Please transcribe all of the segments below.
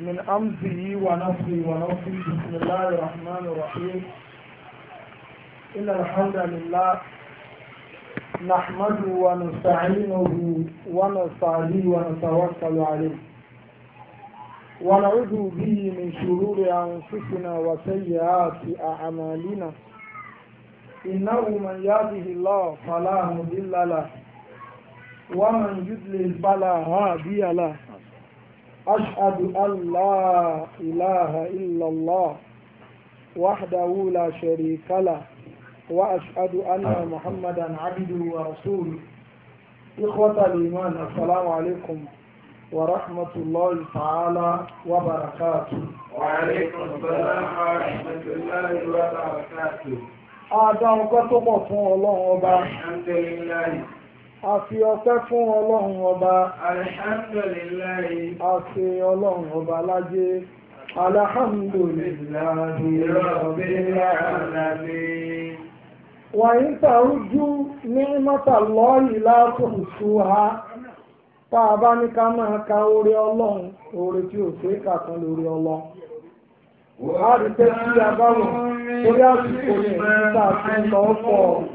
من أمضي ونفي ونفي بسم الله الرحمن الرحيم إن الحمد لله نحمده ونستعينه ونستعليه ونتوكل عليه ونعوذ به من شرور أنفسنا وسيئات أعمالنا إنه من يهده الله فلا مضل له ومن يضلل فلا هادي له أشهد أن لا إله إلا الله وحده لا شريك له وأشهد أن محمدا عبده ورسوله إخوة الإيمان السلام عليكم ورحمة الله تعالى وبركاته وعليكم السلام ورحمة الله وبركاته أعداء قطبة الله وبركاته الحمد لله a fi ọpẹ́ fún ọlọ́run ọba a fi ọlọ́run ọba lájẹ alihamdulilayi rabbil alamin. wàyí ní mọ́tàlọ́ọ̀lì látòkùsù ha tá bá ní ká máa ka oore ọlọ́run oore tí ò lórí ọlọ́run rí pé a bá wọ̀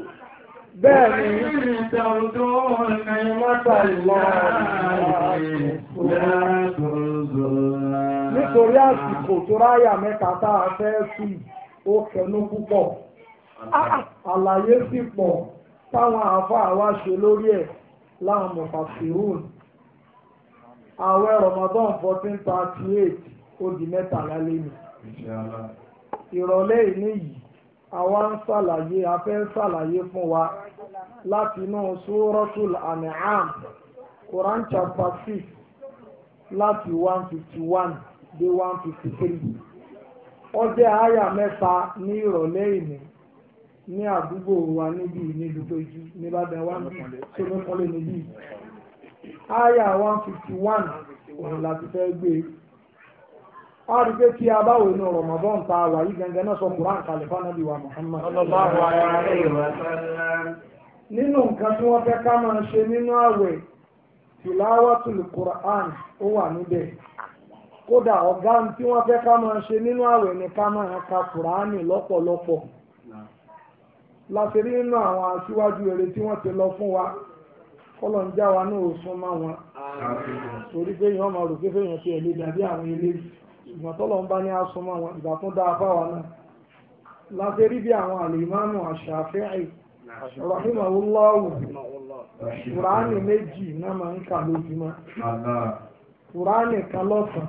Bẹ́ẹ̀ni, nítorí àsìkò tó ráyà mẹ́ta tá a fẹ́ sùn, ó kẹnu púpọ̀. Ah, àlàyé sì pọ̀ táwọn àáfàá wa ṣe lórí ẹ̀ láwọn mọ̀fàṣírùn. Ààwẹ̀ Ramadan fourteen thirty eight ó di mẹ́tàlá lé mi. Ìrọ̀lẹ́ ìní yìí àwa ń ṣàlàyé a fẹ́ ṣàlàyé fún wa láti inú suratul an'am quran chapter six láti one fifty one dé one fifty three ó jẹ́ àyà mẹ́ta ní ìrọ̀lẹ́ ìní ní àdúgbò wa níbí nílùú tó ju nìbàdàn wa níbí tó ní kọ́lé níbí àyà one fifty one òun láti fẹ́ gbé a rí pé a bá wò inú Ramadan tá a wà gangan náà sọ Quran kalẹ̀ fún Ànábì wa Muhammad. nínú nǹkan tí wọ́n fẹ́ ká máa ṣe nínú àwẹ̀ tìláwàtúlù Quran ó wà níbẹ̀ kódà ọ̀gá tí wọ́n fẹ́ ká máa ṣe nínú àwẹ̀ ni ká máa ka Kùránì lọ́pọ̀lọpọ̀ láti rí nínú àwọn aṣíwájú eré tí wọ́n ti lọ fún wa kọ́lọ̀ ń já wa wọn torí pé máa rò pé ẹ̀ ìgbọ̀n tọ́lọ̀ ń bá ní asọmọ àwọn ìgbà tó dáa fáwa náà láti rí bí àwọn àlìmáàmù àṣàfẹ́ẹ̀ rahimahullahu kùránì méjì náà máa ń kà lójúmọ́ kùránì kan lọ́sàn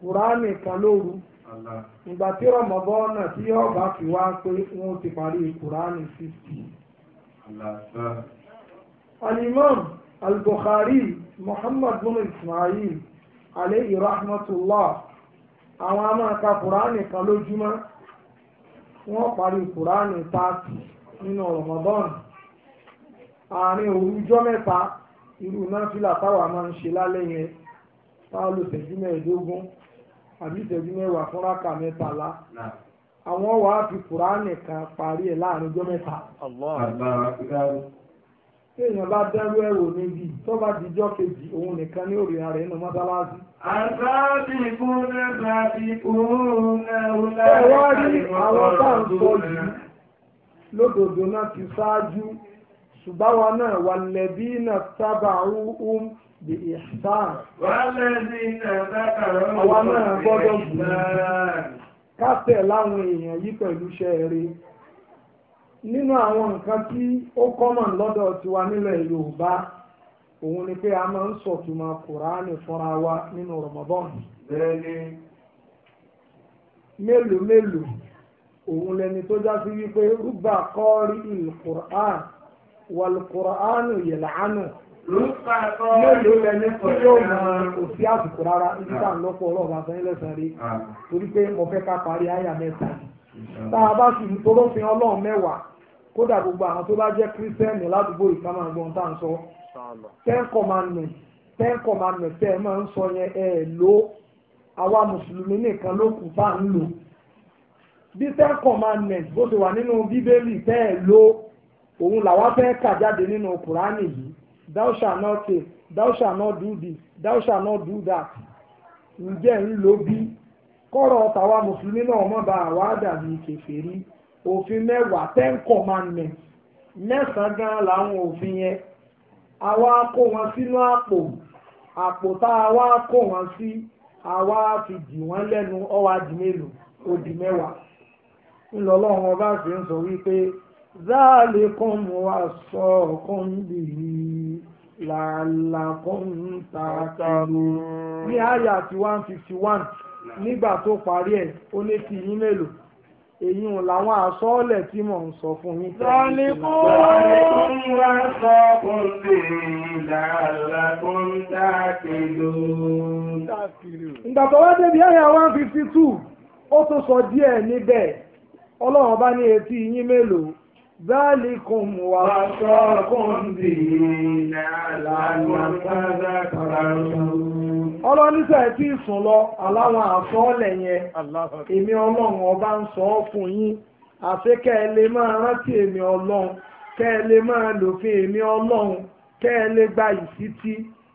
kùránì kan lóru ìgbà tí rọmọbọ́ọ̀nà tí ọba fi wá pé wọ́n ti parí kùránì fifty. alimam al-bukhari muhammad ismail. Aleyhi rahmatullah àwọn a máa ka kùránì kan lójúmọ́ wọ́n parí kùránì tààtì nínú Ramadan àárín òrújọ́ mẹ́ta irú náfìlà táwa máa ń ṣe lálẹ́ yẹn táwọn lò tẹ̀jú mẹ́ẹ̀ẹ́dógún àbí ìtẹ̀jú mẹ́wàá fúnra kà mẹ́tàlá àwọn wàá fi kùránì kan parí ẹ̀ láàrin ọjọ́ mẹ́ta. tí èèyàn bá dẹ́rú ẹ̀rọ níbi tó bá dijọ́ kejì òun nìkan ní òrìnà rẹ̀ nínú mọ́sálásí. àtàbí ìkúnlẹ̀ àti ìkúnlẹ̀ ọ̀la ẹ̀wá rí àwọn tá à ń sọ yìí lódodo náà ti ṣáájú ṣùgbọ́n wa náà wà lẹ́bí náà sábà ń bí ìṣàn. wà lẹ́bí náà sábà ń bọ̀ àwa náà láwọn èèyàn yìí pẹ̀lú iṣẹ́ nínú àwọn nǹkan tí ó common lọ́dọ̀ tiwa nílẹ̀ yorùbá òun ni pé a máa ń sọ̀túnmọ̀ kùránì fúnra wa nínú ramadan. bẹ́ẹ̀ni. mélòó mélòó òun lẹni tó já sí wípé rúbà kọ́ọ̀rí ìlùkùrán wàlùkùrán yẹ̀lánù. mélòó lẹni yóò mọ òsì àsìkò rárá lọ́pọ̀ ọlọ́ọ̀bá sẹ́yìn lẹ́sàn-án rí ah. torí pé mo fẹ́ tá a bá sì torọ́fin ọlọ́run mẹ́wàá kódà gbogbo àwọn tó bá jẹ́ kírísítẹ́nì ládùúgbò ìkámà gbọ́n tá à ń sọ ten commandment ten commandment tẹ́ ẹ máa ń sọ yẹn ẹ lò àwa mùsùlùmí nìkan ló kù bá ń lò bí ten commandment bó ti wà nínú bíbélì tẹ́ ẹ lò òun làwa fẹ́ kà jáde nínú kùránì yìí thou shall not take thou shall not do this thou shall not do that ǹjẹ́ ń lo bí kọ́rọ̀ tàwa mùsùlùmí náà mọ̀ bá àwa dàbí kèfèrí òfin mẹ́wàá ten commandments. mẹ́sàn-án gan làwọn òfin yẹn àwa kó wọn sínú àpò àpò tá a wá kó wọn sí àwa fi dì wọ́n lẹ́nu ọwọ́ adì mélòó odì mẹ́wàá ńlọlọ́run ọba sì ń sọ wípé záàlì kan mú wa sọ ọ̀kan bìí làálàá kan ń ta àtàrò ní àyà ti one fifty one. nígbà tó parí ẹ̀ ó ní ti yín mélòó èyí ń làwọn àsọọ́lẹ̀ tí mò ń sọ fún yín. lọ́lẹ́kùn lọ́lẹ́kùn wá sọ fún mi làlákùn dákìlú. ìgbà tó wá débi ẹ̀yà one fifty two ó tún sọ díẹ̀ níbẹ̀ ọlọ́run bá ní etí yín mélòó ذلكم وصاكم به ọlọ́ni sẹ́ẹ̀ tí ì sùn lọ aláwọn àsọ́ọ̀lẹ̀ yẹn èmi ọlọ́run ọba ń sọ ọ́ fún yín àfi kẹ́ ẹ lè máa rántí èmi ọlọ́run kẹ́ ẹ lè máa lòfin èmi ọlọ́run kẹ́ ẹ lè gba ìsítí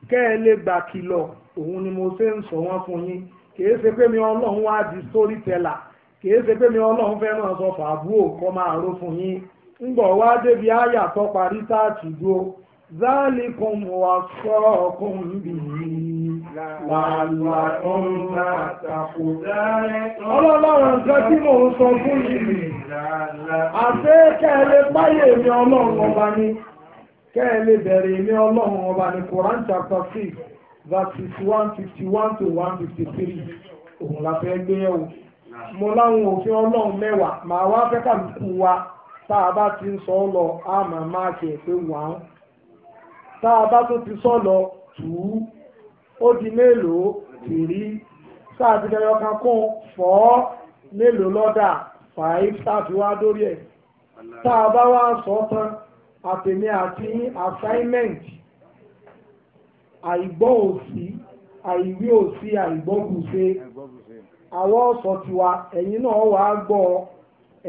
kẹ́ ẹ lè gbà kìlọ̀ òun ni mo ṣe ń sọ wọ́n fún yín kìí ṣe pé mi ọlọ́run wá di story teller kìí ṣe pé mi ọlọ́run fẹ́ sọ fàbúrò kọ́ máa ró fún yín. ńgbọ̀ wá débi àyà tó parí táàtì dúró zálìkùn wà sọ́ọ̀kùn bìí làlàkùn tí mò sọ fún yìí àfẹ́kẹ́lẹ́ páyé mi ọlọ́run ọba ni kẹ́ẹ̀lẹ́ bẹ̀rẹ̀ mi ọlọ́run ọba ni Quran chapter six verses one fifty one to one fifty three òun la gbé mo láwọn òfin màá wá tá a bá ti ń sọ ọ lọ a máa máàkì ẹ̀ pé wọ́n tá a bá tó ti sọ lọ tù ú ó di mélòó tìrí tá a ti fẹ́ yọkan kún fọ́ mélòó lọ́dà five tá a fi wá dórí ẹ̀ tá a bá wá sọ tán àtẹ̀mí àti assignment àìgbọ́ òsì àìwí òsì àìgbọ́ gùsẹ̀ àwọn ọ̀sọ̀ tiwa náà wàá gbọ́ ọ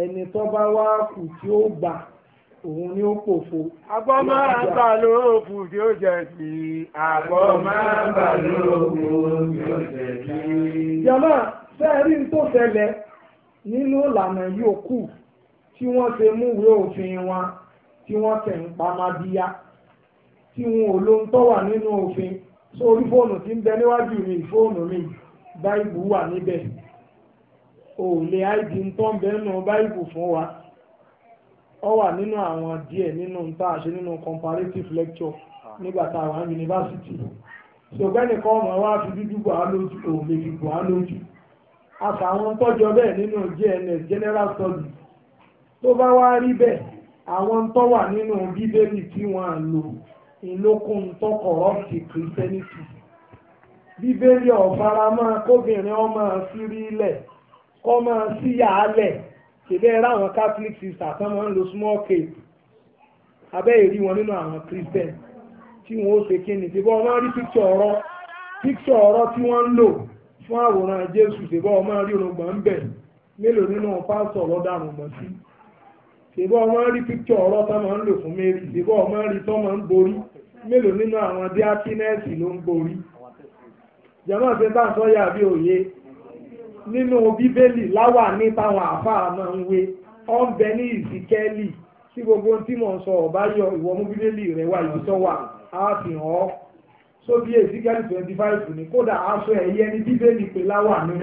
ẹni tó bá wá kù tí ó gbà òun ni ó pòfo. àgbọ̀ máa ń bà lóòfù tí ó jẹ sí i. àgbọ̀ máa ń bà lóòfù tí ó jẹ sí i. jama sẹ́ẹ̀rí tó ṣẹlẹ̀ nínú ìlànà yòókù tí wọ́n ṣe múwèé òfin wọn tí wọ́n tẹ̀ ń pamadíyá tí wọn ò lóhun tó wà nínú òfin sórí fóònù tí ń bẹ níwájú mi fóònù mi báyìí wà níbẹ̀. ò lè áìdí ń tọ́ bẹ́ẹ̀ nù báìbù fún wa ọ wà nínú àwọn díẹ̀ nínú nta a nínú comparative lecture nígbà tá a wà ní yunifásitì ṣògbẹ́ni kan ọmọ wa fi dúdú bò á lójú ò lè fi bò á lójú àtàwọn tọ́jọ bẹ́ẹ̀ nínú JNS general studies tó bá wá rí bẹ́ẹ̀ àwọn tó wà nínú bíbélì tí wọ́n á lò ìlókun tó kọ̀rọ́ọ̀tì Christianity bíbélì ọ̀faramọ́ kóbìnrin ọmọ sírílẹ̀ kọ́ máa sí yàálẹ̀ ṣèbẹ́ ẹ ráwọn catholic sister kan máa ń lo small cake abẹ́ èrí wọn nínú àwọn christian tí wọ́n ó ṣe kíni ṣèbọ́ ọ máa rí píkṣọ ọ̀rọ̀ píkṣọ ọ̀rọ̀ tí wọ́n ń lò fún àwòrán jésù ṣèbọ́ ọ máa rí orungbọ̀n ń bẹ̀ mélòó nínú pásítọ̀ ọlọ́dàrún mọ̀ sí ṣèbọ́ ọ máa rí píkṣọ ọ̀rọ̀ tá máa ń lò fún mary ṣèbọ́ ọ máa rí tọ́ máa ń borí mélòó nínú àwọn díákínẹ́ẹ̀sì ló ń borí jàmáà ṣe bá ń sọ yà bí òye nínú bíbélì láwà ní táwọn àáfàá máa ń wé ọ̀ ń bẹ ní ìsìkẹ́lì tí gbogbo tí mò ń sọ ọ̀bá yọ ìwọ mú bíbélì rẹ̀ wá ìbí tó wà á fi hàn ọ́ sóbi ìsìkẹ́lì twenty five ní kódà aṣọ ẹ̀yẹ ní bíbélì pé láwà ní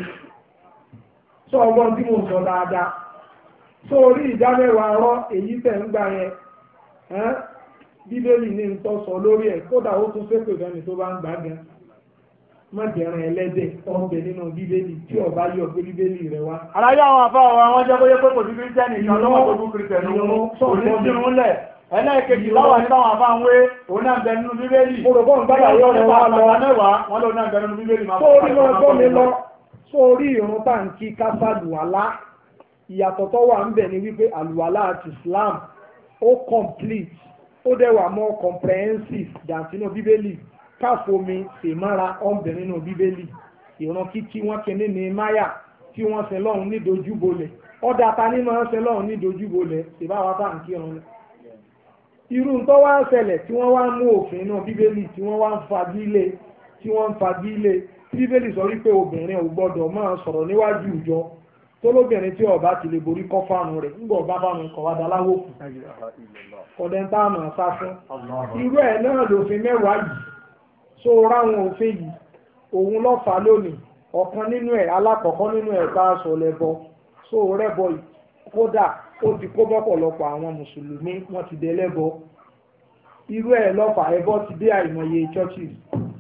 sọ ọgbọ́n tí mò ń sọ dáadáa tó orí ìdámẹ́wàá rọ èyí tẹ̀ ń gbà yẹn bíbélì ní ń tọ́ sọ lórí ẹ̀ kódà ó tún ṣépè fẹ́ni tó bá ń gbà gan mọ̀jẹ̀rán ẹlẹ́dẹ̀ ọ̀bẹ nínú bíbélì tí ọba yọ pé bíbélì rẹ wá. aláyé àwọn afọ àwọn àwọn jẹ́ bóyá pé kò sí kírísítẹ́nì ìyàn lọ́wọ́ gbogbo kírísítẹ́nì òun kò ní sí lẹ̀ ẹlẹ́ẹ̀kejì láwọn àti táwọn afọ àwọn òun náà bẹ nínú bíbélì. mo rò bọ́ ń gbára yọ rẹ wá lọ wọn lòun náà bẹ nínú bíbélì máa fọ́ ọ sórí ìrun tá à kí káfá lùwàlá ìyàtọ̀ tó wà ń bẹ̀ ni wípé àlùwàlá àti Islam ó complete ó dẹ̀ wà more comprehensive dàn sínú bíbélì káfomi ṣèmára ọ̀bẹ̀ nínú bíbélì ìran tí wọn kéde ní máyà tí wọ́n ṣe lọ́hùn nídojúbolẹ̀ ọ̀dà ta máa ń ṣe lọ́hùn nídojúbolẹ̀ ṣèbáwá bá ń kírun irú nǹkan wá ṣẹlẹ̀ tí wọ́n wá ń mú òfin náà bíbélì tí wọ́n wá ń fagilé tí wọ́n ń fagilé bíbélì sọ wípé obìnrin ò gbọ́dọ̀ máa sọ̀rọ̀ ọba ti lè borí ọba daláwó kù irú so ráwọn òfin yìí òun lọ́fà lónìí ọ̀kan nínú ẹ̀ alákọ̀ọ́kọ́ nínú ẹ̀ bá aṣọ lẹ́bọ so rẹ́bọ yìí kódà ó ti kó bọpọlọpọ àwọn mùsùlùmí wọ́n ti dé lẹ́bọ irú ẹ̀ lọ́fà ẹbọ ti dé àìmọye churches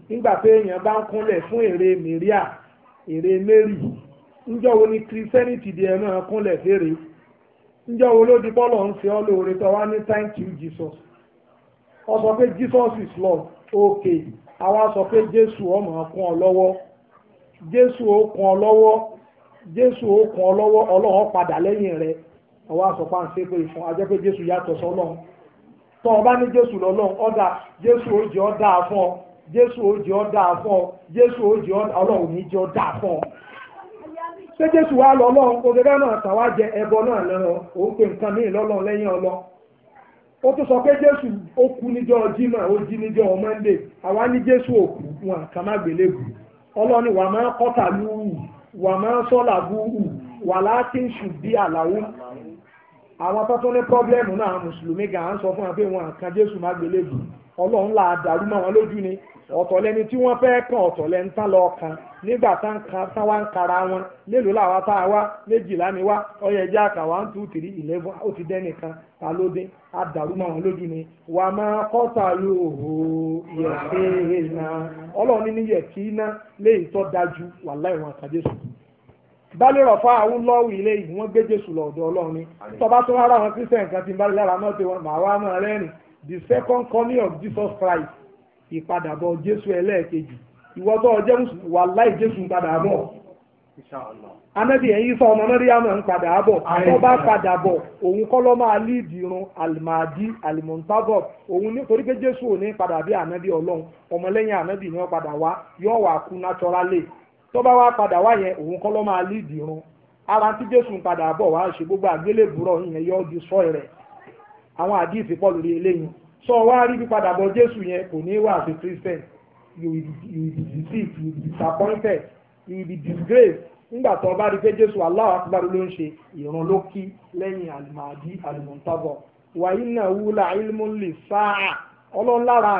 nígbà pé èèyàn bá ń kúnlẹ̀ fún èrè mẹ́ríà èrè mẹ́rì ńjọ́ wo ni christianity di ẹ̀ náà kúnlẹ̀ fèrè ńjọ́ wo ló di bọ́lọ̀ ń ṣe ọ́ lóore tó wá ní thank you jesus ọ sọ pé jesus is lord okay àwa sọ pé jésù ọmọ kún ọ lọ́wọ́ jésù ó kún ọ lọ́wọ́ jésù ó kún ọ lọ́wọ́ ọlọ́run padà lẹ́yìn rẹ àwa sọ pé à ń ṣe pé ìfún ajẹ́ pé jésù yàtọ̀ sọ́lọ́run tọ́ ọ bá ní jésù lọ́lọ́run ọ̀dà jésù ó jẹ́ ọ́ dáa fún ọ jésù ó jẹ́ ọ́ dáa fún ọ jésù ó jẹ́ ọlọ́run ní jẹ́ ọ́ dáa fún ọ ṣé jésù wá lọ́lọ́run kò gẹ́gẹ́ náà tàwa jẹ ẹbọ náà lẹ́rọ òun pé nǹkan míì lọ́lọ́run lẹ́yìn ọlọ́run ó tún sọ pé jésù ó kú níjọ́ jimá ó jí níjọ́ monday àwa ní jésù òkú wọn kà má gbélébù ọlọ́ni wà máa kọ́tà lúwù wà máa sọ́là búhù wà láti ṣùgbí àlàó àwọn tó tún ní pọ́blẹ́mù náà mùsùlùmí gan à ń sọ fún wọn pé wọn àkàn jésù má gbélébù ọlọ́run là á dàrú mọ́ wọn lójú ni ọ̀tọ̀ lẹni tí wọ́n fẹ́ẹ́ kàn ọ̀tọ̀ lẹni tán lọ kan nígbà tá ń kan tán wá ń kara wọn mélòó làwa tá a wá méjìlá ni wá ọyọ ẹjẹ àkà one two three eleven ó ti dẹ́ni kan ta ló dé á dàrú mọ́ wọn lójú ni wà á máa kọ́ta ló hò yẹ̀ kéèyàn ọlọ́run ní yẹ̀ kí iná léyìí tó dájú wàláì wọn àkàn jésù bálẹ̀ rọ̀fà àwọn lọ́wọ́ ilé ìwọ̀n wọ́n gbé jésù lọ́dọ̀ ọlọ́run ni tọ́ba tó rárá àwọn christian kan ti ń bálẹ̀ lára náà ti the second coming of jesus christ ìpadàbọ̀ jésù ẹlẹ́ẹ̀kejì ìwọ tó jẹ́ wà láì jésù ń padà bọ̀ anabi sọ ọmọ ń padà bọ̀ padà bọ̀ òun kọ́ ló máa alimadi òun pé jésù ò ní padà bí anabi ọlọ́run ọmọlẹ́yìn tó bá wá padà wá yẹn òun kọ́ ló máa líìdì ara tí jésù ń padà bọ̀ wá ṣe gbogbo àgbélébùrọ̀ yẹn yọ di sọ àwọn àdìsí pọ̀ lórí eléyìí sọ wá rí bí padà bọ̀ jésù yẹn kò ní wà sí christian you disgraced nígbà tó jésù ló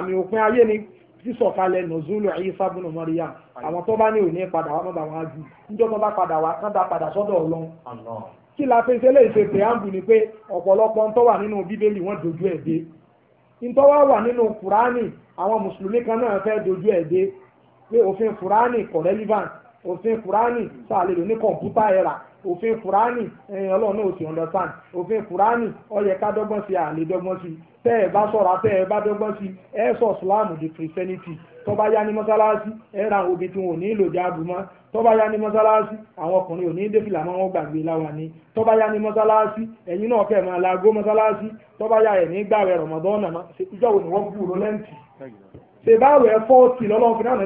lẹ́yìn sísọ̀kalẹ̀ nùzúlù Ìsá bùnú Maryam àwọn tó bá ní òní padà wá mọ́ba wọn á ju níjọ́ tó bá padà wá kán dá padà sọ́dọ̀ ọlọ́run. kí la fi ṣẹlẹ̀ ìṣe preamble ni pé ọ̀pọ̀lọpọ̀ ntọ́ wà nínú bíbélì wọ́n dojú ẹ̀ dé ntọ́ wà wà nínú kùránì àwọn mùsùlùmí kan náà fẹ́ dojú ẹ̀ dé pé òfin kùránì kò relevant òfin kùránì sáà lè lò ní kọ̀ǹpútà ẹ̀rà òfin kùránì ẹ̀yìn ọlọ́run náà ò sì understand òfin kùránì ó yẹ ká dọ́gbọ́n sí àlè dọ́gbọ́n sí tẹ́ ẹ bá sọ̀rọ̀ tẹ́ ẹ bá dọ́gbọ́n sí ẹ sọ sùlámù di christianity tó bá yá ní mọ́sálásí ẹ ra àwọn obìnrin tí wọn ò ní ìlò jáàbù mọ́ tó bá yá ní mọ́sálásí àwọn ọkùnrin ò ní dẹ́fìlà mọ́ wọn gbàgbé láwa ni tó bá yá ní mọ́sálásí ẹ̀yin náà kẹ́ ẹ̀ máa laago mọ́sálásí tó bá yá ẹ̀ ní gbàwẹ̀ rọ̀mọ́dọ́nà ìjọ́wò ni wọ́n gbúrò lẹ́ǹtì ṣèbáwẹ̀ fọ́ọ̀tì lọ́lọ́run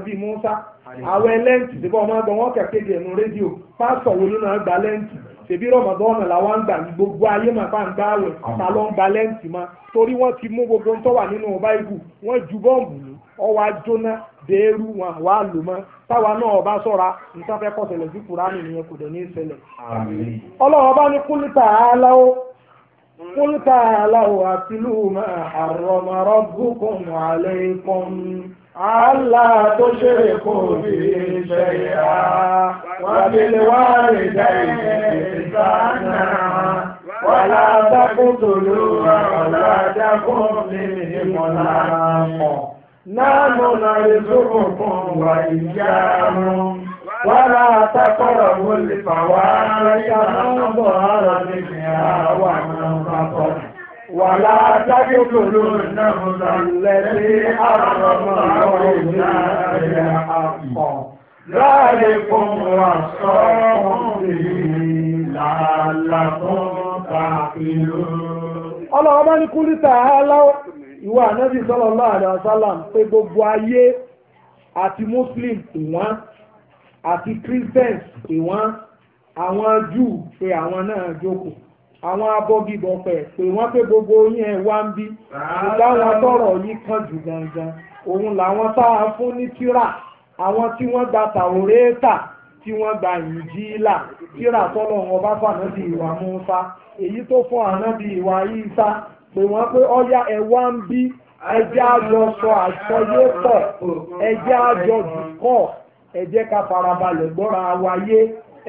àwọn ẹlẹ́ǹtì tí bọ́ ọmọ ẹgbẹ́ wọn kẹ̀kẹ́ ẹnu rédíò pásítọ̀ wo ló náà gba lẹ́ǹtì ṣèbí rọ̀mọ̀dọ́nà làwọn ń gbà ní gbogbo ayé mà bá ń gbà àwẹ̀ ta ló ń gba lẹ́ǹtì ma torí wọ́n ti mú gbogbo ń tọ́wà nínú báyìí wọ́n ju bọ́ọ̀mù ní ọwọ́ ajóná dẹ́rù wọn wà lò táwa náà ọba sọ́ra nǹkan fẹ́ kọ́sẹ̀lẹ̀ sí kùránì nìyẹn kò dẹ̀ ní í ṣẹlẹ̀. ọlọ́wọ́ ní Allah tó ṣeré kò bí iṣẹ́ ìhà wọ́n fi lè wá lè dá ìgbésà náà wọ́n lá dákún tó ló rọrùn ládàkún ní ìmọ̀lá mọ̀. Nánú náà lè sókò fún wa ìyá rún. Wọ́n lá àtàkọ́rọ̀ lè fà wá lọ́yà náà bọ̀ ọ̀rọ̀ nígbìyàwó àwọn bàbá. Wàlá dájúkò lónà múlá lẹ́bí àrọ̀mọ̀ lọ́rùnà rẹ̀ àpọ̀. Láàrin fún wa sọ́ọ̀hún ìlàlàkún kàfílò. Ọlọ́run bá ní kúrítà aláwọ̀ ìwà ànábì sallallahu alaihi wasallam pé gbogbo ayé àti Muslim ìwọ́n àti Christians ìwọ́n àwọn Júù pé àwọn náà jókòó àwọn abọ́gibọ̀ pẹ̀ pé wọ́n pé gbogbo yín ẹ̀ wá ń bí ìdáwọn tọrọ yìí kan jù gangan òun làwọn tá a fún ní tíra àwọn tí wọ́n gba tàwórẹ́ẹ̀tà tí wọ́n gba ìjìlá tíra tọ́lọ̀ wọn bá fà náà bí ìwà Mùsá èyí tó fún àná bí ìwà Ìsá pé wọ́n pé ọ̀yá ẹ̀ wá ń bí ẹjẹ́ àjọ sọ àsọyé pọ̀ ẹjẹ́ àjọ dùkọ́ ẹjẹ́ ká farabalẹ̀ gbọ́ra wáyé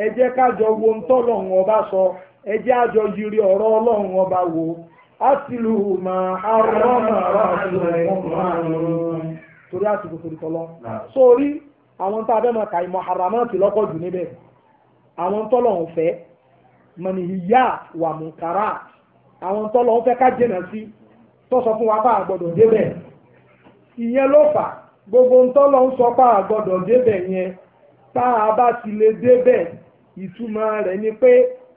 ẹjẹ́ kájọ wo ń tọ́lọ̀ wọn bá sọ. So ẹ jẹ́ àjọ yiri ọ̀rọ̀ ọlọ́run ọba wo átìlù ma torí àsìkò torí tọ́lọ́ sórí àwọn a kà ìmọ̀ haramá ti lọ́kọ̀ jù níbẹ̀ àwọn tọ́lọ̀ ń fẹ́ mọ̀nì ìyá wà mùkárà àwọn tọ́lọ̀ ń fẹ́ ká jìnà sí tó fún wa pa àgbọ̀dọ̀ débẹ̀ ìyẹn ló fà gbogbo ntọ́lọ̀ ń sọ pa àgbọ̀dọ̀ débẹ̀ yẹn tá a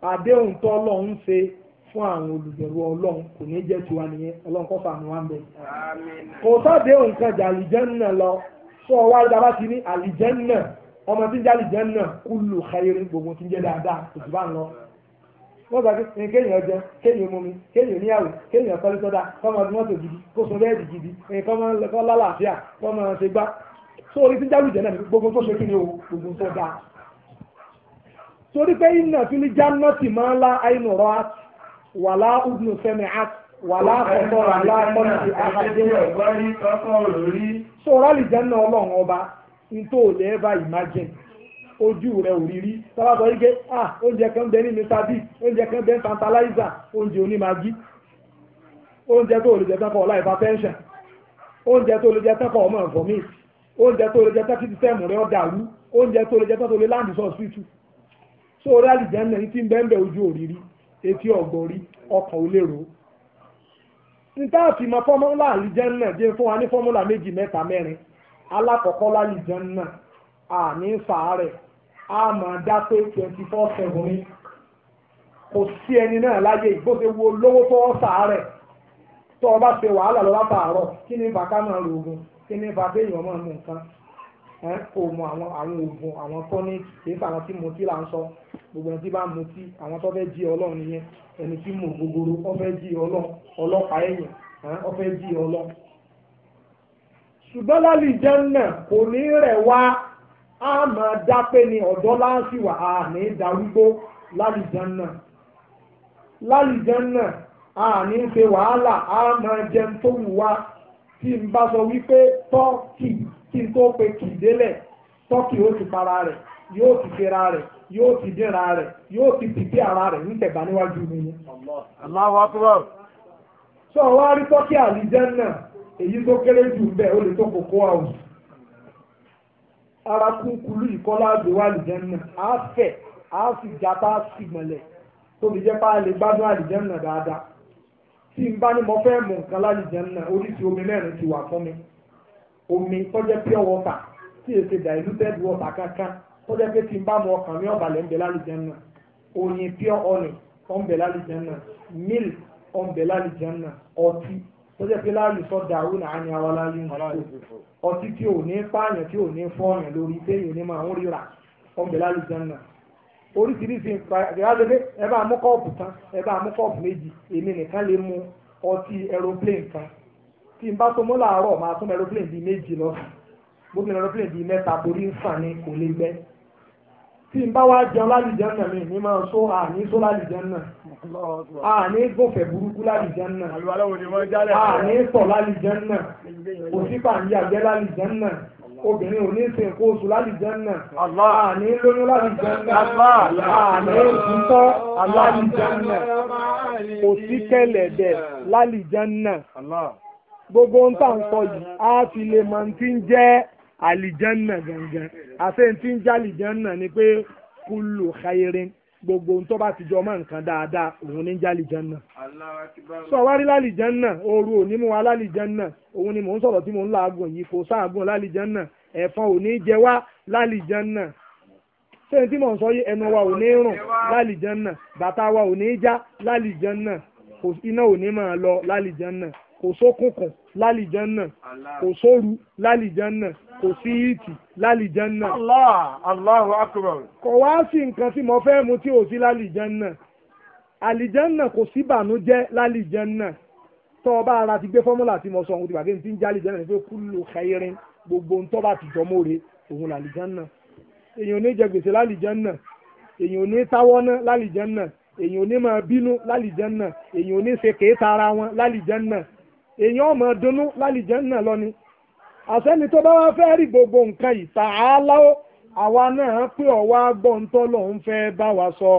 àdéhùn tó ọlọ́run ń ṣe fún àwọn olùbẹ̀rù ọlọ́run kò ní jẹ́ tiwa nìyẹn ọlọ́run kọ́ fàánù wa ń bẹ̀. kò sáàdéhùn kan jà àlìjẹ́nà lọ sọ wá dábà ti ní àlìjẹ́nà ọmọ tí ń jẹ́ àlìjẹ́nà kúlù xayiri gbogbo tí ń jẹ́ dáadáa kò sì bá ń lọ. wọ́n gbà pé kéèyàn jẹ kéèyàn mumi kéèyàn níyàwó kéèyàn kọ́lé sọ́dà kọ́mọ bí mọ́tò tó o gbogbo tó torí pé iná fi ní jannati máa ń la àìnù rọ at wàlá udnu sẹ́mi at wàlá ọ̀tọ̀ wàlá ọ̀tọ̀ ti àhàjẹ́ sọ̀rọ̀ àlìjẹ́nà ọlọ́run ọba nítorí ò lè bá imagine ojú rẹ̀ ò rírí sábàtọ̀ yìí pé ah oúnjẹ kan bẹ ní mr big oúnjẹ kan bẹ ní tantalizer oúnjẹ onímagí oúnjẹ tó olùjẹ tán kọ ọ̀la hypertension oúnjẹ tó olùjẹ tán kọ ọmọ vomit oúnjẹ tó olùjẹ tán kí sísẹ́mù rẹ̀ ọ̀dàrú oúnjẹ tó olùjẹ tán tó lè láǹdì sọ́ọ̀sì tù so orí àlìjẹ́nà ní ti ń bẹ́ẹ̀ ojú òrírí etí ọ̀gbọ̀rí ọkàn ò lérò níta àti mọ fọ́múlà àlìjẹ́nà jẹ́ fún wa ní fọ́múlà méjì mẹ́ta mẹ́rin alákọ̀ọ́kọ́ lálìjẹ́nà àní sàárẹ̀ a máa dá pé twenty four seven ni kò sí ẹni náà láyé bó ṣe wo lówó tó sàárẹ̀ tó o bá ṣe wàhálà lọ látàárọ̀ kí ni bàkánà rògùn kí ni bàbá èèyàn máa mú nǹkan kò mọ àwọn àwọn oògùn àwọn tonic kì í sọ àwọn tí mo ti là ń sọ gbogbo ẹni tí bá mu tí àwọn tó fẹ́ jí ọlọ́run nìyẹn ẹni tí mo gbogbooro ó fẹ́ jí ọlọ́run ọlọ́pàá ẹ̀yìn ó fẹ́ jí ọlọ́run. ṣùgbọ́n lálẹ́ ìjẹ́nà kò ní rẹ̀ wá á máa dápé ni ọ̀dọ́ láǹsì wà á ní darúgbó lálẹ́ ìjẹ́nà lálẹ́ ìjẹ́nà á ní ṣe wàhálà á máa jẹun tó wù wá tí n bá sọ wípé tọ́kì kí n tó pe kì í délẹ̀ tọ́kì ó ti para rẹ̀ yóò ti fera rẹ̀ yóò ti dínra rẹ̀ yóò ti pìpì ara rẹ̀ ní tẹ̀gbá níwájú mi Allahu Akbar. sọ wá rí tọ́kì àlìjẹ́nà èyí tó kéré jù bẹ́ẹ̀ ó lè tó kókó àwùjọ. ara kúkúlú ìkọ́lá àgbéwá àlìjẹ́nà á fẹ̀ á sì jata sì mọ̀lẹ̀ tóbi jẹ́ pa lè gbádùn àlìjẹ́nà dáadáa. tí n bá ní mo fẹ́ mọ̀ nǹkan lálìjẹ́nà oríṣi omi mẹ́rin ti wà fún mi omi tọ́jẹ́ pure water tí èsè e diluted water kankan tọ́jẹ́ pé tí n bá mu ọkàn mi ọ̀bàlẹ̀ ń bẹ lálùjẹ́ náà oyin pure honey ọ̀n bẹ lálùjẹ́ náà milk ọ̀n bẹ lálùjẹ́ náà ọtí tọ́jẹ́ pé láàyè sọ dàrú náà ní àwa láàyè ọtí tí ò ní pààyàn tí ò ní fọ́ọ̀yàn lórí téèyàn ní máa ń ríra ọ̀n bẹ lálùjẹ́ náà oríṣiríṣi nǹkan ìrádọ́gbé ẹ bá mú kọ́ọ̀pù kan ẹ bá mú kọ́ọ̀pù méjì èmi nìkan lè mu ọtí aeroplane kan tí n bá tó mú làárọ̀ máa tún aeroplane bíi méjì lọ mo fi aeroplane bíi mẹ́ta borí ń sàn ní kò lè gbẹ tí n bá wá jẹun lálùjẹun náà mi ní máa sọ àní sọ lálùjẹun náà àní gòfẹ̀ burúkú lálùjẹun náà àní sọ lálùjẹun náà òsínpà ń yàgbẹ́ lálùjẹun náà obìnrin ò ní sin nǹkan oṣù lálìjẹ́nà àní lóyún lálìjẹ́nà àní òtútọ́ lálìjẹ́nà òsíkẹ̀lẹ̀dẹ̀ lálìjẹ́nà gbogbo ń tà ń sọ yìí á fi lè mọ ti ń jẹ́ àlìjánà gangan àti ti ń jẹ́ àlìjánà ni pé kúlù khairin gbogbo ń tó bá ti jọ mọ́ nǹkan dáadáa òun ní jẹ́ àlìjánà. sọ wá rí ooru òní mú wa lálìjánà òun ni mò ń sọ̀rọ̀ tí mò ń làágùn yìí kò sáàgùn lálìjánà ẹ̀fọn òní jẹ wá lálìjánà sẹ́yìn tí mò ń sọ yìí ẹnu wa ò ní rùn lálìjánà bàtà wa ò ní já lálìjánà iná ò ní máa lọ lálìjánà kò sókùnkùn lálìjánà kò sóru lálìjánà kò sí ìtì lálìjánà. Allah Allahu akbar. kò wá sí nǹkan tí mo fẹ́ mu tí ò sí lálìjánà àlìjánà kò sí bànújẹ́ lálìjánà tọ́ ọ bá ara ti gbé fọ́múlà tí mo sọ ohun tí bàbá mi ti ń jẹ́ àlìjánà ni pé kúlù khairin gbogbo ń tọ́ bá ti jọ mọ́re òun làlìjánà èyàn ò ní jẹ gbèsè lálìjánà èyàn ò ní táwọ́ná lálìjánà èyàn ò ní máa bínú lálìjánà èyàn ò ní ṣe kéétà ara wọn lálìjánà èèyàn ọmọ dunnú lálìjẹ́ náà lọ ni àsẹ́ni tó bá wá fẹ́ rí gbogbo nǹkan yìí tààlà ó àwa náà pé ọ̀wá gbọ́ntọ́ ló fẹ́ bá wa sọ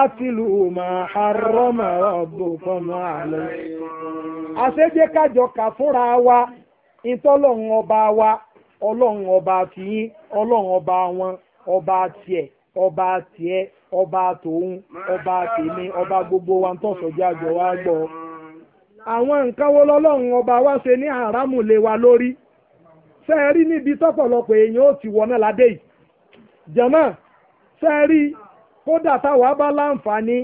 àti lù mà àrọ́mà ọ̀bùnkàn máa lọ. àṣejẹ́ kájọ kà fúnra wa ìtọ́lọ́run ọba wa ọlọ́run ọba tìyín ọlọ́run ọba wọn ọba tiẹ̀ ọba tiẹ̀ ọba tòun ọba tèmi ọba gbogbo wa ń tọ̀sọ̀jà jọ wá gbọ́. àwọn nǹkan wo lọ́lọ́run ọba wa ṣe ní àràmù lé wa lórí ṣe é rí níbi tọ́pọ̀lọpọ̀ èèyàn ó ti wọ̀nà ládé yìí jẹ̀mọ́ ṣe é rí kódà táwa bá láǹfààní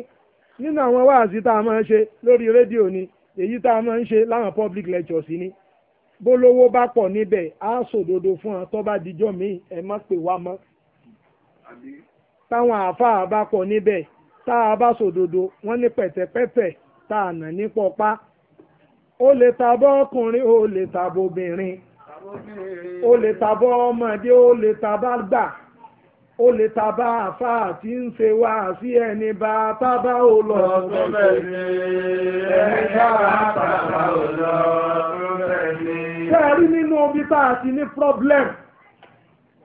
nínú àwọn wáàzí tá a máa ń ṣe lórí rédíò ni èyí tá a máa ń ṣe láwọn public lectures ni bólówó bá pọ̀ níbẹ̀ á sòdodo fún wa tó bá dijọ́ mi ẹ má pè wá mọ́ táwọn àáfàá bá pọ̀ níbẹ̀ tá a bá sòdodo wọ́n ní pẹ̀tẹ̀pẹ̀tẹ̀ tá a nà ní pọ̀pá O lè tàbọ̀ ọkùnrin o lè tàbọ̀ obìnrin o lè tàbọ̀ ọmọdé o lè tàbá gbà ó lè tàbá àfa àti ń ṣe wá sí ẹni bá tábà ó lọ sọ́fẹ́ ní ẹni tábà tábà ó lọ sọ́fẹ́ ní. kẹ́ẹ̀rí nínú omi tá a ti ní problem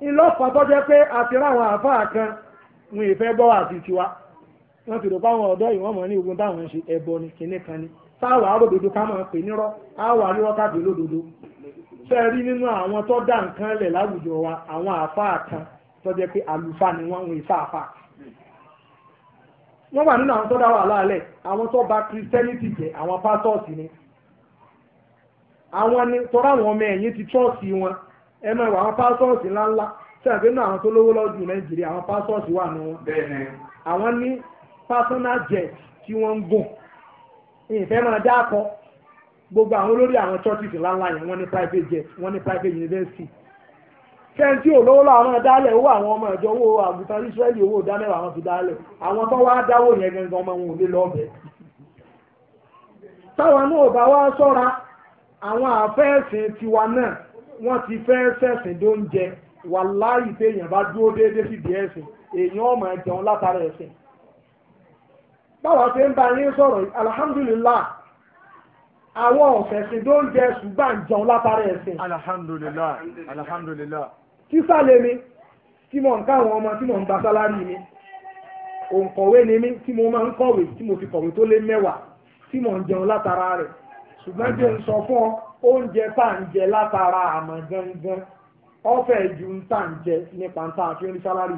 ìlọ́pàá tó jẹ́ pé àti ráwọn àáfàá kan wọn ì fẹ́ bọ́ àti tiwa wọ́n ti rò pé àwọn ọ̀dọ́ yìí mọ̀ ní ogun táwọn ń ṣe ẹbọ ni kinní kan ni. táwa aròdodo ká máa pè nírọ́ àwa rírọ́ ká pè lódodo rí nínú àwọn tó dá nǹkan wa àwọn àáfàá kan tó jẹ́ pé àlùfáà ni wọ́n ń wí fáfáà wọ́n wà nínú àwọn tó dá wà láàlẹ̀ àwọn tó bà jẹ́ àwọn pastors ni àwọn ni àwọn ọmọ ẹ̀yìn ti chọ́ọ̀sì wọn ẹ àwọn ńláńlá sẹ́yìn àwọn tó ìfẹ́ máa dá akọ gbogbo àwọn olórí àwọn churches ńláńlá yẹn wọ́n ní private jet wọ́n ní private university fẹ́ǹtì olówó làwọn náà dálẹ̀ owó àwọn ọmọ ìjọ owó àgùntàn Israẹli owó ìdámẹ́wàá àwọn fi dálẹ̀ àwọn tó wá dáwó yẹn gangan ọmọ wọn ò lè lọ́ọ̀bẹ. táwọn náà bá wá sọ́ra àwọn àfẹ́ẹ̀sìn tiwa náà wọ́n ti fẹ́ sẹ̀sìn tó ń jẹ wàláyìí téèyàn bá dúró déédéé fìdí ẹ̀sìn èèyàn ọmọ ẹ̀jẹun látara ẹ̀sìn báwa ṣe ń bá yín sọ̀rọ̀ alhamdulillah àwọn ọ̀fẹ̀sìn tó ń jẹ ṣùgbọ́n jẹun látara ẹ̀sìn. alhamdulillah alhamdulillah. sísàlẹ̀ mi tí mo ń káwọn ọmọ tí mo ń gba sálárì mi òǹkọ̀wé ni mí tí mo máa ń kọ̀wé tí mo fi kọ̀wé tó lé mẹ́wàá tí mo ń jẹun látara rẹ̀ ṣùgbọ́n jẹ́ sọ fún ọ oúnjẹ tá látara àmọ́ gangan ọfẹ ju ń tà ń jẹ nípa ń tà fi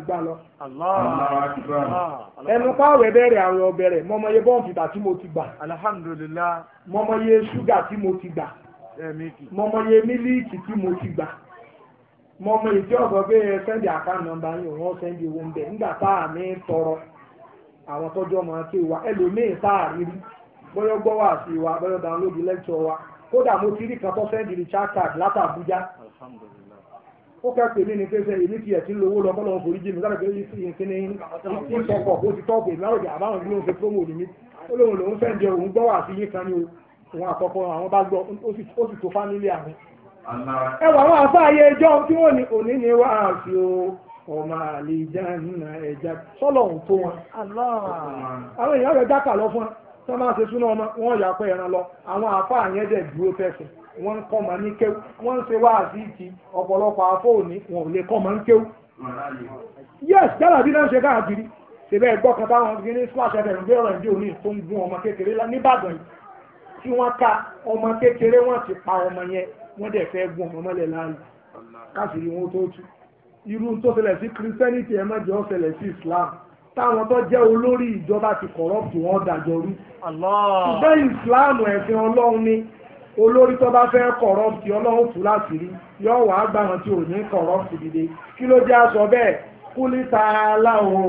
gbà lọ. ẹnu káwé bẹ̀rẹ̀ àwọn ọbẹ̀rẹ̀ mọmọye tí mo ti gbà. alhamdulillah. mọmọye ṣúgà tí mo ti gbà. mọmọye mílíìkì tí mo ti gbà. mọmọ ìdí ọ̀gọ́ ẹ sẹ́ndì òun sẹ́ndì owó ń tọrọ àwọn tọ́jú ọmọ àti ìwà tá gbọ́ wá wa wa kódà mo card látàbújá. ó kẹ́kẹ́ mi ní pẹ́sẹ́ èmi ti ẹ̀tí lówó lọ bọ́lọ̀ orí jìnnà lára pé ìkíni ìtọ̀pọ̀ ó ti tọ́pù ìlàrọ̀jà àbáwọn ìlú òun ṣe fóònù òní mi ó lóun lòun fẹ́ǹdẹ̀ òun gbọ́ wà sí yín kan ní òun àkọ́kọ́ àwọn bá gbọ́ ó sì tó fámílì àwọn. ẹ wà wọn àṣà ayé ẹjọ́ tí wọ́n ní òní ni wà á o ọmọ àlè ìjà ẹja sọ́lọ̀ ń tó wọn. àwọn èèyàn rẹ̀ dákà lọ wọ́n kọ́ ma ní kéwú wọ́n ṣe wá àzíìtì ọ̀pọ̀lọpọ̀ afọ́òní wọn ò lè kọ́ ma ń kéwú. yes jálàbí náà ṣe káàkiri ṣèbẹ́ ẹ̀gbọ́ kan táwọn gbé ní splash fm gbé ọ̀rọ̀ ìdí òní tó ń gún ọmọ kékeré nìbàdàn yìí tí wọ́n ka ọmọ kékeré wọ́n ti pa ọmọ yẹn wọ́n dẹ̀ fẹ́ gún ọmọ mọ́lẹ̀ láàyè káàkiri wọn tó tú irú tó ṣẹlẹ̀ sí christianity ẹ̀ mọ́jọ́ ṣẹlẹ̀ sí islam táwọn tó jẹ́ olórí ìjọba ti corrupt wọn dàjọ́rú ṣùgbọ́n ìsìláàmù ẹ̀sìn ọlọ́run ni olórí tó bá fẹ́ kọ̀rọ̀pì ọlọ́run tú láti rí yọ wà á gbàràn tí ò ní kọ̀rọ̀pì dìde kí ló jẹ́ aṣọ bẹ́ẹ̀ kúlíta aláwo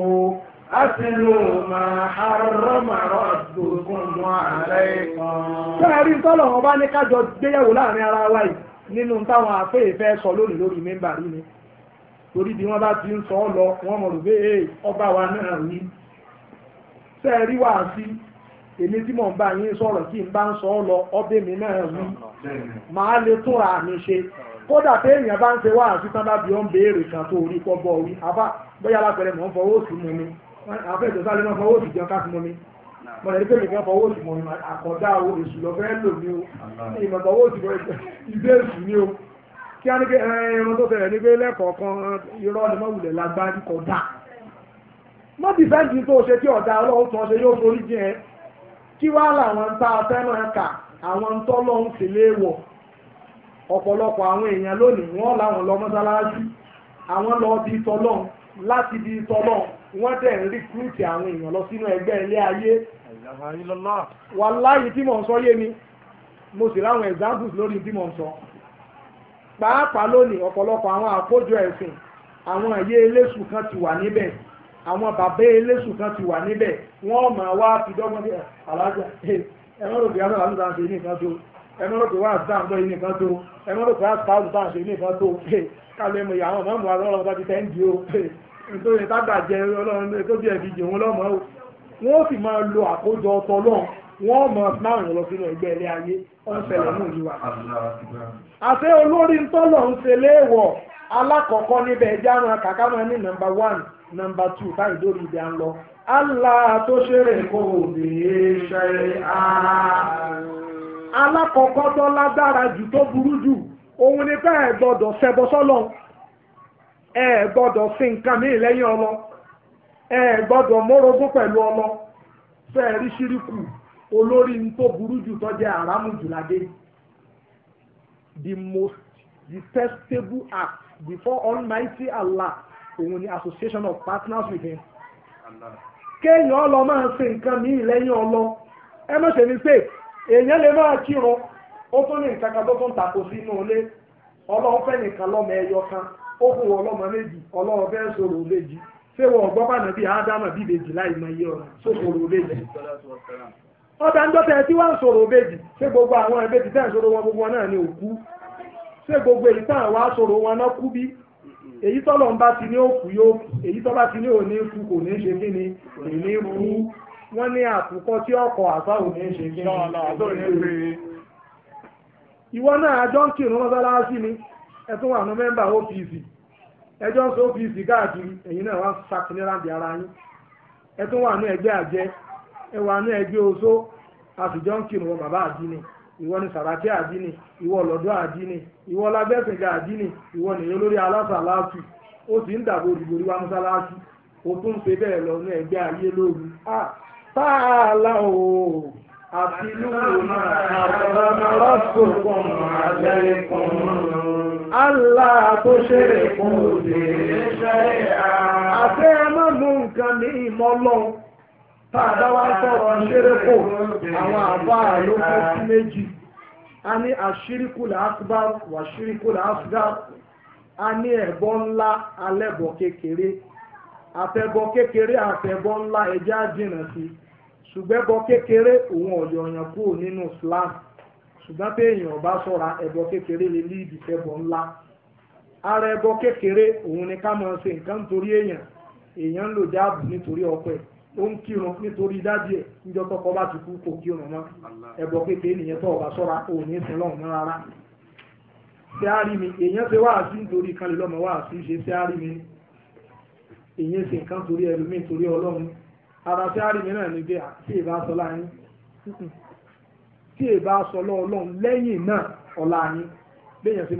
á sì lò máa arọ́mọ̀rọ̀ dògùn wọn àárẹ̀ kan. sáàrí tọ́lọ̀ wọn bá ní kájọ gbéyàwó láàrin ara wa yìí nínú táwọn àfẹ́yẹ̀ fẹ́ sọ lónìí lórí mẹ́mbà rí ni torí bí wọ́n bá ti ń sọ ọ́ lọ wọ́n mọ̀ rò pé ọba wa náà rí sẹ́ẹ̀rí wàásí èmi tí mò ń bá yín sọ̀rọ̀ kí n bá ń sọ ọ́ lọ ọbẹ̀ mi náà wí màá lè túnra mi ṣe kódà téèyàn bá ń ṣe wá àti tán bá bí ó ń béèrè kan tó orí kọ́ bọ́ orí àbá bóyá alápẹ̀rẹ̀ mọ̀ ń fọwọ́ sí mu mi àfẹ́ ìjọba lè máa fọwọ́ sí jẹun ká sí mu mi mo lè rí pé nìkan fọwọ́ sí mu mi àkọ́dá o èṣù lọ fẹ́ lò mí o ìmọ̀ fọwọ́ sí mu ìdé èṣù ni o kí á ní pé irun tó tẹ̀lé ní pé lẹ́kọ̀ọ̀kan irọ́ ni mọ́ wulẹ̀ lágbárí kọ̀dá mọ́ dìfẹ́ǹtì tó ṣe tí ọ̀dà ọlọ́run tó ṣe yóò forí jẹ́ kí wá làwọn tá a fẹ́ máa kà àwọn ń tọ́ lọ́hún léèwọ̀ ọ̀pọ̀lọpọ̀ àwọn èèyàn lónìí wọ́n láwọn lọ mọ́sálásí àwọn lọ bí tọ́lọ́hún láti bí tọ́lọ́hún wọ́n dẹ̀ ń rìkúrútì àwọn èèyàn lọ sínú ẹgbẹ́ ilé ayé mi mo sì láwọn examples lórí tí mò ń sọ pàápàá lónìí ọ̀pọ̀lọpọ̀ àwọn àkójọ ẹ̀sìn àwọn kan ti wà àwọn bàbá eléṣù kan ti wà níbẹ̀ wọ́n máa wá fi dọ́gbọ́n bí alájà ẹ̀rọ rògbé àwọn àwọn àti ìní kan tó ẹ̀rọ rògbé wà sí àwọn ìní kan tó ẹ̀rọ rògbé wà sí àwọn ìní kan tó kálẹ̀ mọ̀ ìyá àwọn ọmọ àwọn ọlọ́run bá ti tẹ́ ń di o nítorí tágbà jẹ ọlọ́run tó bí ẹ̀fí jẹun lọ́mọ o wọ́n sì máa lo àkójọ ọtọ lọ́n wọ́n mọ̀ márùn lọ sínú ẹgbẹ́ ilé ayé ọ̀n ṣẹlẹ̀ mú ìwà. àṣẹ olórí ń tọ́lọ̀ ń ṣe léèwọ̀ alakọkọ níbẹ̀ ẹjẹ́ àwọn kàkà máa ní nọmba one nọmba two báyìí lórí ibi à ń lọ. Allah tó ṣeré kò lè ṣe á. alákọ̀ọ́kọ́ tó lágbára jù tó burú jù òun ni pé ẹ gbọ́dọ̀ ṣẹbọ sọ́lọ́ ẹ gbọ́dọ̀ sin nǹkan míì lẹ́yìn ọlọ ẹ gbọ́dọ̀ mórogún pẹ̀lú ọlọ fẹ́ẹ́ rí detestable act before Almighty Allah òun ni association of partners with him. kéèyàn ọlọ máa ṣe nǹkan míì lẹ́yìn ọlọ ẹ má ṣe ní pé èèyàn lè máa kírun ó tún ní nǹkan kan tó tún tako fún wọn méjì ọlọ́run fẹ́ sọ̀rọ̀ òléjì ṣé wọn bá nàbí ádámà bíi bèjì láì mọ iye ọ̀rọ̀ sọ̀rọ̀ òléjì. ọ̀dà ń gbogbo àwọn sọ̀rọ̀ gbogbo náà ni òkú ṣé gbogbo èyí táwọn wá sọ̀rọ̀ wọn náà kú bí èyí tọ́lọ̀ ń bá ti ní òkú yóò èyí tọ́lọ̀ ti ní òní kú kò ní ṣe kí ni òní kú wọ́n ní àkùkọ tí ọkọ̀ àṣà ní ṣe kí ẹ tún wà ní mẹ́mbà ẹjọ́ ń ara yín ẹ tún wà ní ẹ wà ní ẹgbẹ́ oṣó àtijọ́ ń kírun bàbá ìwọ ni sàràkí àdínì ìwọ lọ́dọ̀ àdínì ìwọ lábẹ́sẹ̀gà àdínì ìwọ nìyẹn lórí alásàlátù ó sì ń dàbò òdìgbòrí wa mọ́sálásí ó tún ń pe bẹ́ẹ̀ lọ ní ẹgbẹ́ ayé lóru tààlà o àti lúwòmá àbọ̀lámọ́rọ́sọ̀kùn àjẹ́kùn Allah tó ṣeré fún òde ṣe é à. àfẹ́ mọ́mú nǹkan ní ìmọ̀ lọ́wọ́. tá a bá wá sọ̀rọ̀ ṣerékò àwọn àbá ló kó a ní àṣírìkùlà akbar a ní ẹ̀bọ ńlá alẹ́bọ kékeré àtẹ̀bọ kékeré àtẹ̀bọ ńlá ẹja jìnnà sí ṣùgbẹ́bọ kékeré òun ọ̀yọ̀ ọ̀yàn kúrò nínú ṣùgbọ́n pé èèyàn bá sọ̀ra kékeré lè ní ara kékeré òun ni ká máa ṣe nǹkan nítorí èèyàn èèyàn ń lò nítorí ẹ̀ o ń kírun nítorí dájú ẹ̀ níjọ́ tọkọ bá ti kú kò kírun mọ́ ẹ̀bọ̀ nìyẹn tó ọba sọ́ra ò ní sin mi èèyàn ṣe wáàsí nítorí kan lè lọ́mọ wáàsí ṣe ṣé mi èèyàn ṣe nǹkan torí ẹlòmíì torí ọlọ́run ara ṣé á mi náà ní bí tí èèbá sọ láyín tí èèbá sọ lọ́ọ̀lọ́run lẹ́yìn náà ọ̀la yín léèyàn ṣe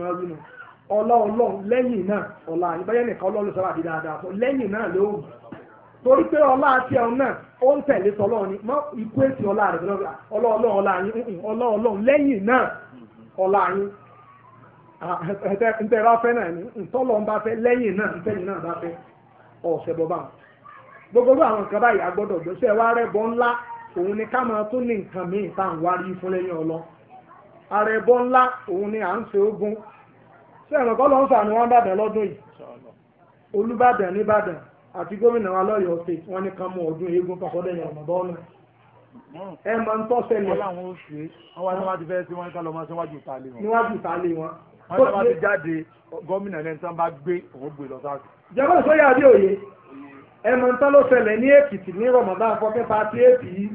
torí pé ọlá àti ẹ̀hún náà ó ń tẹ̀lé sọlọ́ọ̀ ni mọ ikú èsì ọlá rẹ̀ ọlọ́ọ̀lọ́ ọlá yín ọlọ́ọ̀lọ́ lẹ́yìn náà ọlá yín ntẹ bá náà ni ntọ́lọ́ ń bá fẹ́ lẹ́yìn náà ntẹ́yìn náà bá fẹ́ ọ̀sẹ̀ gbogbo àwọn nǹkan báyìí agbọ́dọ̀ gbèsè wa rẹ̀ bọ́ ńlá òun ni ká máa tún ní nǹkan míì tá à ń wárí fún lẹ́yìn ọlọ́ àti gómìnà wa lọ́yọ̀ọ́ state wọ́n ní ká mú ọdún eégún papọ̀ lẹ́yìn ọ̀nàdọ́nà ẹ máa ń tọ́ sẹ́lẹ̀. wọ́n láwọn oṣù wọn wá níwájú fẹ́ẹ́ sí wọn ká lọ máa síwájú ìtàlẹ̀ wọn. níwájú ìtàlẹ̀ wọn. wọ́n ti wá ti jáde gómìnà lẹ́nu tí wọ́n bá gbé òun gbé lọ sáà. ìjọba ìsọyà àbí òye ẹ máa ń tọ́ ló ṣẹlẹ̀ ní èkìtì ní rọmọdá fọ́kẹ́ pàtí èkì yìí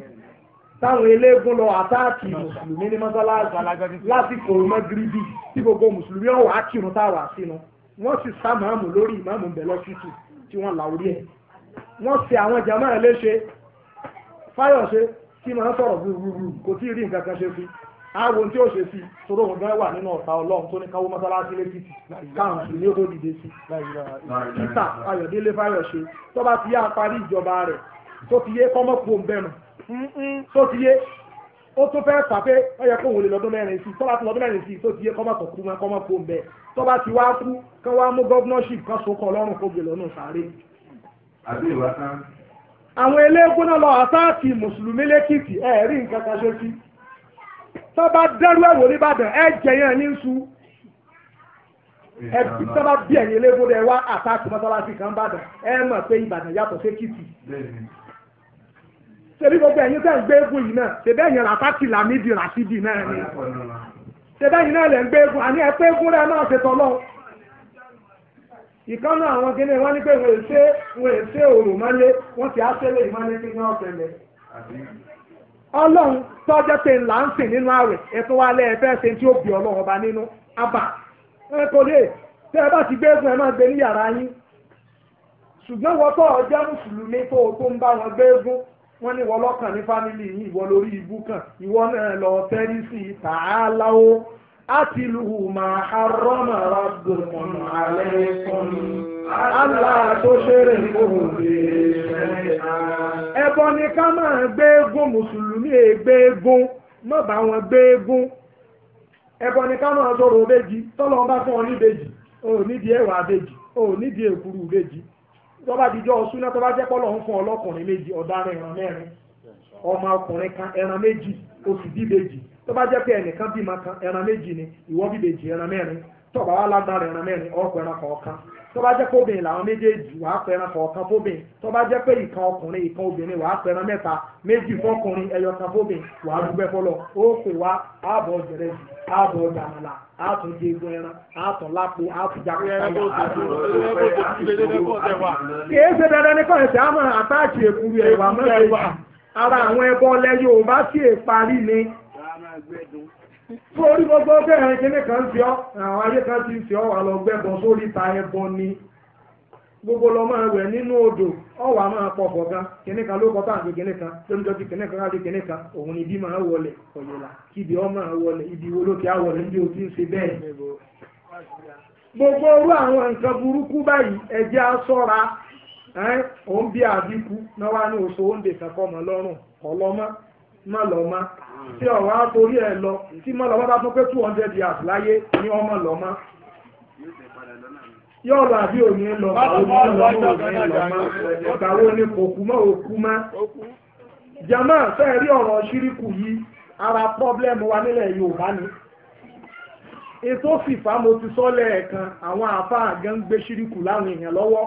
táwọn eléégún lọ àtáàkì mùsùlùmí ní mọ́sálásí lásìkò mọ́gíríbì tí gbogbo mùsùlùmí ọ̀wà kírun táwà sínú wọ́n sì sá màámù lórí ìmáàmù bẹ̀lọ́ tútù tí wọ́n la orí ẹ̀ wọ́n ṣe àwọn jàmá ẹ̀ léṣe fáyọ̀ṣe tí màá sọ̀rọ̀ gbùgbùgbù kò tí ì rí nǹkan kan ṣe sí aago tí ó ṣe sí toró wọn gan wà nínú ọ̀tá ọlọ́run tó ní káwó mọ́sálásí lẹ́kìtì káwọn sì ní ó tó dìde sí títà ayọ̀délé fáyọ̀ṣe tó bá ti yá parí ìjọba rẹ̀ tó ti yé kọ́mọ́kù òǹbẹ̀rùn tó ti yé ó tún fẹ́ pàpé ó yẹ kóun lè lọ́dún mẹ́rin sí tọ́ba ti lọ́dún mẹ́rin sí tó ti yẹ kọ́mọ̀tò kú mọ́ kọ́mọ̀ fún bẹ́ẹ̀ tọ́ba ti wá kú kán wá mú gọ́vnọ́ṣìp kan so kọ́ ọlọ́run kó gbé lọ́nà sáré. àwọn eléégún náà lọ àtàkì mùsùlùmí lẹ́kìtì ẹ̀ rí nǹkan kan ṣe sí tọ́ba dẹ́rú ẹ̀wò nìbàdàn ẹ̀ jẹ̀yàn ní nsú ẹbí bí ẹ̀yìn eléégún ṣebí gbogbo ẹ̀yin tẹ́ ń gbé egun yìí náà ṣebí ẹ̀yin ràfátì làmídì ràṣídì náà ni ṣebí ẹ̀yin náà lẹ̀ ń gbé egun àní ẹ̀pẹ́ egun rẹ̀ náà ṣe tọ́lọ́ ìkànnà àwọn gíní wọn ní pé wọn èsè wọn èsè òòrùn mọ́lé wọn ti á sẹ́lẹ̀ ìmọ́lé kí wọ́n fẹ́lẹ̀ ọlọ́run tọ́jọ́ pé ńlá ń sìn nínú ààwẹ̀ ẹ̀tún wa lẹ́ ẹ̀fẹ́ ṣe tí ó bì ọlọ́run ọba nínú abà ẹ kò lè tẹ́ ẹ bá ti gbé egun ẹ máa gbé ní yàrá yín ṣùgbọ́n wọ́n ọjọ́ mùsùlùmí tó o tó ń bá wọn gbé egun wọ́n ní wọ́n lọ́kàn ní fámìlì yìí ìwọ lórí ibú kan ìwọ náà lọ tẹ́rí sí i tààlà ó àti lùhù máa harọ́mà rábùmọ̀nà alẹ́ kan alá tó ṣeré ohun bèèrè. ẹbọ ni ká máa gbéégún mùsùlùmí ègbéégún má bá wọn gbéégún ẹbọ ni ká máa sọ̀rọ̀ òbejì tọ́lọ́ bá fún ọ níbejì ò nídìí ẹ̀wà o ò nídìí èkúrú tọba dijọ́ ọ̀ṣúná tọba jẹ́ pọ́lọ̀ ń fún emeji méjì ọ̀daràn ẹran mẹ́rin ọmọ ọkùnrin kan ẹran méjì oṣù bíbejì tọ́ba jẹ́ pé ẹnìkan bímọ kan ẹran méjì ni ìwọ bíbejì ẹran mẹ́rin tọba wà lágbára ẹran mẹ́rin tó bá jẹ́ pé obìnrin làwọn méjèèjì wàá pẹran kọ̀ọ̀kan fóbìnrin tó bá jẹ́ pé ìkan ọkùnrin ìkan obìnrin wàá pẹran mẹ́ta méjì fọkùnrin ẹyọ kan fóbìnrin wàá dúpẹ́ fọlọ́ ó pè wá ààbọ̀ ọ̀jẹ̀rẹ̀ jù ààbọ̀ ọ̀jàmàlà àtún jẹgun ẹran àtún lápò àtún jákè sáyà àtún kìí ṣe dandan ní kọ́ọ̀sì fún gbogbo bẹ́ẹ̀ kíní kan fi ọ́ àwọn ayé kan ti fi ọ́ wà lọ bọ́ sórí ta ẹbọ ni gbogbo lọ máa wẹ̀ nínú odò ọ̀wà máa pọ̀ pọ̀ gan kíní kan ló kọ́ táàgbé kíní kan lóúnjọ́ ti kíní kan kíní kan òun ni máa wọlé ọ̀yẹ̀là ọ máa wọlé ibi wo ló ti á wọlé níbi gbogbo orú àwọn nǹkan burúkú báyìí á sọ́ra bí àbíkú tí ọ̀rọ̀ á torí ẹ̀ lọ tí mọ́ lọ́wọ́ bá tún pé two hundred years láyé ní ọmọ lọ́mọ́ yóò lọ àbí òní ń lọ òní ń lọ mọ́ òní ń lọ mọ́ ọ̀gá wo ni kò kú mọ́ òkú mọ́ jama fẹ́ rí ọ̀rọ̀ ṣíríkù yìí ara pọ́blẹ́mù wa nílẹ̀ Yorùbá ni ètò fìfà mo ti sọ lẹ́ẹ̀kan àwọn àáfàá gan gbé ṣíríkù láwọn èèyàn lọ́wọ́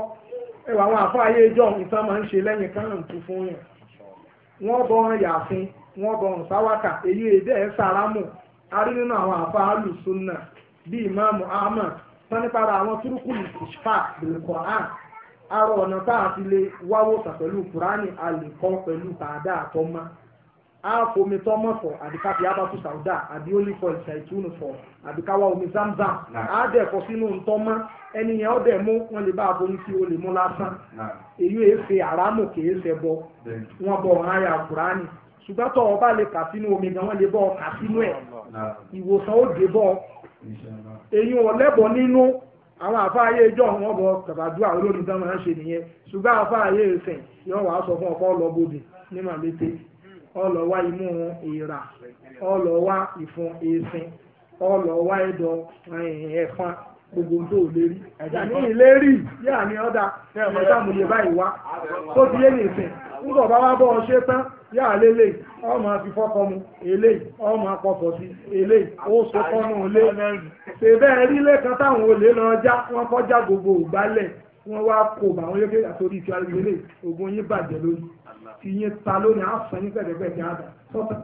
ẹ̀wọ̀n àwọn àáfàá ayé ìjọ ìtàn máa ń ṣe lẹ́yìn káràǹtù fún yẹn wọ́n bọ́ wọn yàáfin wọ́n bọ̀rùn sáwákà èyí èdè ẹ sàrámù arí nínú àwọn àfa alùsùnà bíi ìmáàmù ahmad tán nípara àwọn túrúkù ìṣfà bìlì kọ̀ọ̀án arọ ọ̀nà tá a ti lè wáwó sà pẹ̀lú kùránì àlèkọ́ pẹ̀lú tàdá àtọ́mọ́ àfomi tọ́mọ̀ fọ̀ abatu sauda àdìólì fọ̀ ìṣàìtúnù fọ̀ àdìkáwá omi zamzam sínú ẹni yẹn mú wọn lè bá aboyún sí olè mú lásán èyí èéfe àrámù wọn ṣùgbọ́n tó wọn bá lè kà sínú omi gan wọ́n lè bọ́ ọ kà sínú ẹ̀ ìwòsàn ó dé bọ́ ọ èyí wọn lẹ́bọ̀ nínú àwọn àfáàyè ìjọ wọn bọ kàbàdúrà olórin gan máa ń ṣe nìyẹn ṣùgbọ́n àfáàyè ìsìn yọ wàá sọ fún ọkọ ọlọ́bodè ní màlété ọlọ́wà imú ìrà ọlọ́wà ìfun ìsìn ọlọ́wà ẹ̀dọ̀ ẹ̀fọn gbogbo tó lérí ní ìlérí yáà ní ọ̀dà ẹ̀ẹ́dá mo lè báyìí wá tó ti yé nìsín ń bọ̀ bá wá bọ́ ọ ṣe tán yá lélẹ̀ ọmọ fi fọ́kọ́ mu èlé ọmọ akọ̀fọ̀ sí èlé ó so fọ́nù lé ṣèbẹ́ rí lẹ́kan táwọn olè lọ já wọ́n kọjá gbogbo ògbálẹ̀ wọ́n wá kó bá wọn yókè àtòrí ìtura ìrẹ̀lẹ̀ ogun yín bàjẹ́ lónìí ti yín ta lónìí àfọ̀ yín pẹ̀tẹ̀pẹ̀tẹ̀ àdá sọ́tà.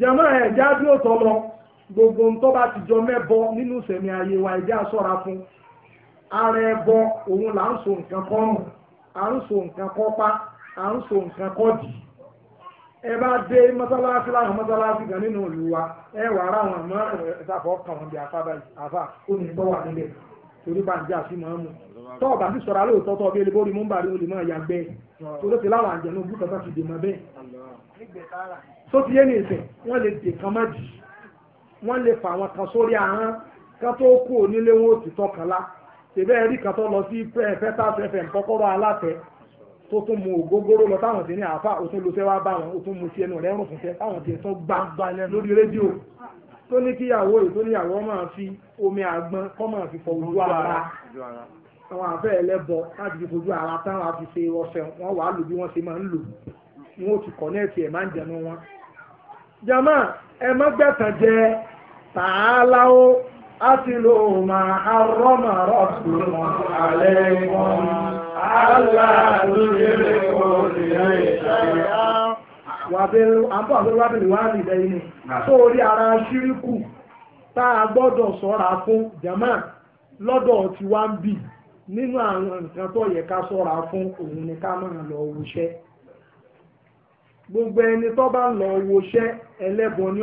jẹ̀mọ́ ẹ̀ já bí ó tọ́ lọ gbogbo ń tọ́ bá ti jọ mẹ́bọ nínú sẹ̀mí ayé wa ẹ̀já sọ́ra fún ara ẹ̀bọ òun là ń so nǹkan kọ́rùn à ń so nǹkan kọ́pá a ń so nǹkan kọ́ dì ẹ bá dé mọ́sálásí láwọn mọ́sálásí kan nínú ìlú wa ẹ wà ara wọn mọ́ ẹ̀sàfọ́ kàn wọ́n bí afábá yìí afá ó ní tọ́wà nílẹ̀ torí bá ń jẹ́ àfi máa ń mu tọ́ ọ̀bà sì sọ̀rọ̀ alẹ́ òótọ́ tọ́ ọbẹ̀ ilé bórí múmbàrí olè máa yà gbẹ́ torí ti láwọn àjẹ́ náà bùkátà ti dè mọ́ bẹ́ẹ̀ tó ti yé ní ìsẹ̀ wọ́n lè dè kan má jì wọ́n lè fà wọn kan sórí ahọ́n kan tó kú onílé wọn ò ti tọ́ kan lá tẹ̀bẹ́ kan tó lọ sí fẹ́ẹ́ fẹ́ tá a fẹ́ fẹ́ ń kọ́kọ́rọ́ alátẹ̀ẹ́ tó tún mu ògógóró lọ táwọn ti ní àáfà ó tún lu sẹ́wá bá wọn ó tún mu sí ẹnu rẹ̀ rùn fúnṣẹ́ táwọn ti tún gbá lórí rédíò tó ní kíyàwó rẹ̀ tó níyàwó máa fi omi àgbọn kọ́ máa fi fọ ojú ara àwọn àfẹ́ ẹlẹ́bọ láti fi fojú ara táwọn á fi ṣe ọṣẹ wọn wàá lò bí wọ́n ṣe máa ń lò wọn ò ti kọ̀nẹ́ẹ̀tì ẹ̀ máa ń jẹnu wọn. jama ẹ má gbẹ̀tàn jẹ tààlà á ti lo òun àárọ̀ màrọ̀ tó mọ̀ Àbọ̀ àbẹ́lúwábìlì wá ní ìdẹ́ inú. Tó orí ara ṣíríkù tá gbọ́dọ̀ ṣọ́ra fún jàmáà lọ́dọ̀ tí wá ń bì nínú àwọn nǹkan tó yẹ ká ṣọ́ra fún òun ni ká máa lọ wọṣẹ́. Gbogbo ẹni tó bá lọ wọṣẹ́ ẹlẹ́bọn ni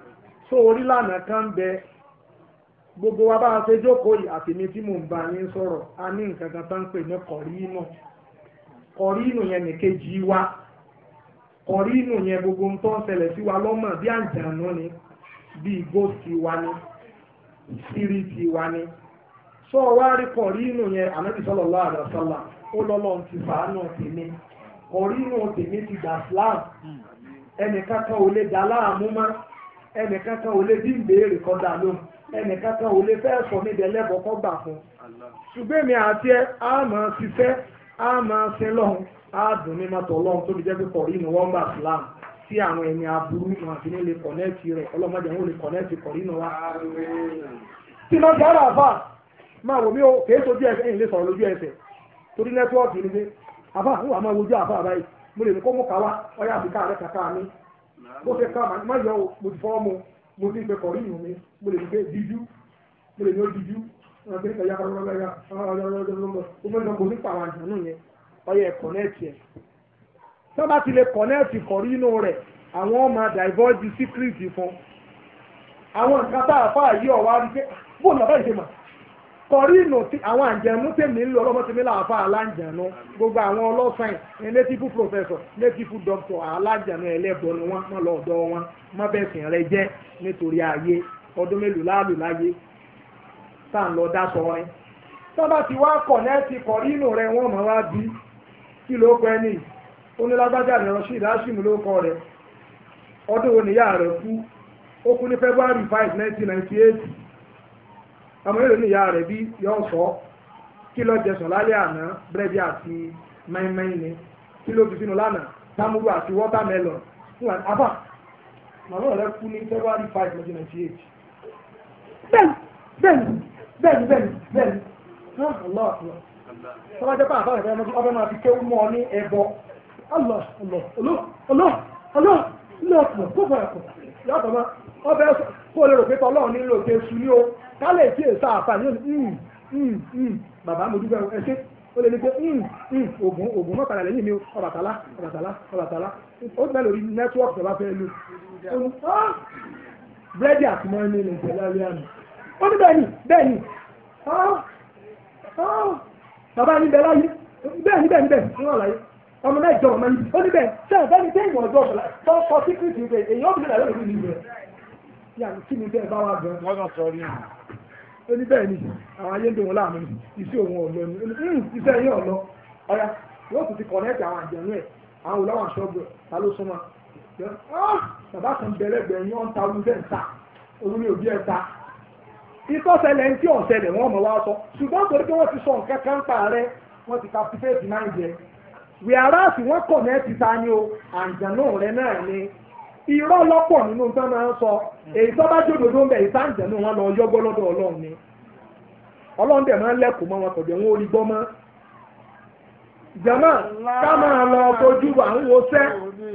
so orílẹ̀ àná ká ń bẹ gbogbo wa bá a ṣe jókòó yìí àti mi tí mò ń bá yín sọ̀rọ̀ a ní nǹkan kan tá ń pè ní kọ̀rínù kọ̀rínù yẹn nìkejì wa kọ̀rínù yẹn gbogbo ń tọ́ ṣẹlẹ̀ sí wa lọ́mọ bí àjànú ni bí igbó sí wa ni ìṣírí sí wa ni sọ wá rí kọ̀rínù yẹn àmọ́bí sọ́lọ̀ lọ́wọ́ àdàsọ́là ó lọ́lọ́ ti fàánù tèmi kọ̀rínù tèmi ti gbà fúláàbù hmm. ẹnìkan kan ò lè dá láàmú máa. ẹnìkankan ò lè bí ìbéèrè kan dà lóhùn ẹnìkankan ò lè fẹ́ sọ níbi ẹlẹ́bọ̀ kan gbà fún ṣùgbọ́n èmi àti ẹ á máa ṣiṣẹ́ á máa ṣe lọ́hùn á dùn ní mọ́tò ọlọ́run tó fi jẹ́ pé kọ̀rí ni wọ́n gbà sílámù tí àwọn ẹni aburú náà fi ní lè kọ̀nẹ́ẹ̀tì rẹ̀ ọlọ́mọdé kọ̀nẹ́ẹ̀tì ara máa wò mí o kèé sojú ẹsẹ̀ ẹ̀yìn lè sọ̀rọ̀ lójú ẹsẹ̀ torí nẹ́tíwọ́ọ̀kì ni pé wà máa wojú báyìí mo lè ní kó mú ká wá ọyá àbíká rẹ̀ kàkà mi mo fẹ́ ká màá yọ o mo ti fọ́ mu mo ti fẹ́ kọ̀rí ìhùn mi mo lè gbé dídú mo lè ní ó dídú mo lè gbé yàrá yàrá yàrá mo fẹ́ lọ mo ní pàwọn àjànú yẹn ọyẹ kọ̀nẹ́ẹ̀tì ẹ̀ tó bá ti lè kọ̀nẹ́ẹ̀tì kọ̀rí inú rẹ̀ àwọn ọmọ divulge secret fún àwọn nǹkan tá a fà yí ọ̀ wá rí pé bóun làbá ìṣe màá kọrí ìnù tí àwọn àjẹmú tèmi ń lò ọlọ́mọ tèmi làáfà gbogbo àwọn ọlọ́sàn native professor native doctor aláǹjẹ̀nu ẹlẹ́bọ̀ wọn bẹ́ẹ̀ sìn rẹ jẹ́ nítorí ayé ọdún mélòó láàlú láyé tá à ń lọ dá sọrin. sábà kọ̀ rẹ wọ́n mọ̀ wá bí kí ló pẹ́ ní onílágbájá rẹ̀ ọmọ yóò ní ìyá rẹ̀ bí yọ sọ kí ló jẹ sùn lálẹ́ àná búrẹ́dì àti mẹ́ẹ́mẹ́ẹ́ ni kí ló fi sínú lánàá támúrú àti wọ́tàmẹ́lọ̀n fún àbá màmá rẹ̀ kú ní February five nineteen ninety eight bẹ́ẹ̀ni bẹ́ẹ̀ni bẹ́ẹ̀ni bẹ́ẹ̀ni bẹ́ẹ̀ni Allah. àtúnwá tọ́lá jẹ́ pé àbá rẹ̀ fẹ́ ọbẹ̀ máa fi kéwú mọ́ ọ ní ẹbọ Allah. Allah. Allah. Allah. ọlọ́ ọlọ́ ọlọ́ ọlọ́ ọlọ́ ọlọ́ ọlọ́ ọlọ́ kó lè rò pé tọ́lọ́run nílò jésù ní o ká lè tí èsà àfààní òní bàbá mo dúpẹ́ ẹ ó lè ní pé oògùn hmm, hmm, oògùn mọ́kànlá lẹ́yìn mi ọ̀bàtálá ọ̀bàtálá ọ̀bàtálá ó ti lórí nẹ́tíwọ́ọ̀kì tó bá fẹ́ lu búrẹ́dì àti mọ́rin ní àná ó ní bẹ́ẹ̀ ni bẹ́ẹ̀ ni bàbá ní bẹ́ẹ̀ láyé bẹ́ẹ̀ ni bẹ́ẹ̀ ọmọ ó ní kí ni bẹ́ẹ̀ bá wà gan. wọ́n kàn sọ ní. ó ní bẹ́ẹ̀ ni àwọn ayé ń dùn wọn láàmú iṣẹ́ òun ọ̀lọ́ ni hmm, iṣẹ́ yín ọ̀lọ́ ọ̀yà yóò tún ti kọ̀nẹ́ẹ̀tì àwọn àjẹ̀nú ẹ̀ àwọn olówó àṣọ́gbù ẹ̀ ta ló súnmọ́. Ah! bàbá kan bẹ̀rẹ̀ gbẹ̀yìn ọ̀n ta olú bẹ́ẹ̀ ta olú ní òbí ẹ̀ ta. ìtọ́sẹ̀lẹ̀ ń tí ọ̀sẹ̀lẹ̀ wọ́n mọ̀ wá sọ ṣùgbọ́n torí pé wọ́n ti sọ nǹkan kan pa rẹ wọ́n ti captivate náà irọ́ lọ́pọ̀ nínú nǹkan máa ń sọ èyí tó bá jòdòdó ń bẹ ìsáǹjẹ́ lọ lọ́dọ̀ ni ọlọ́run dẹ̀ máa ń lẹ́kùn mọ́ wọn tọ̀dọ̀ wọn ò rí gbọ́ mọ́. jama ká máa lọ fojú à ń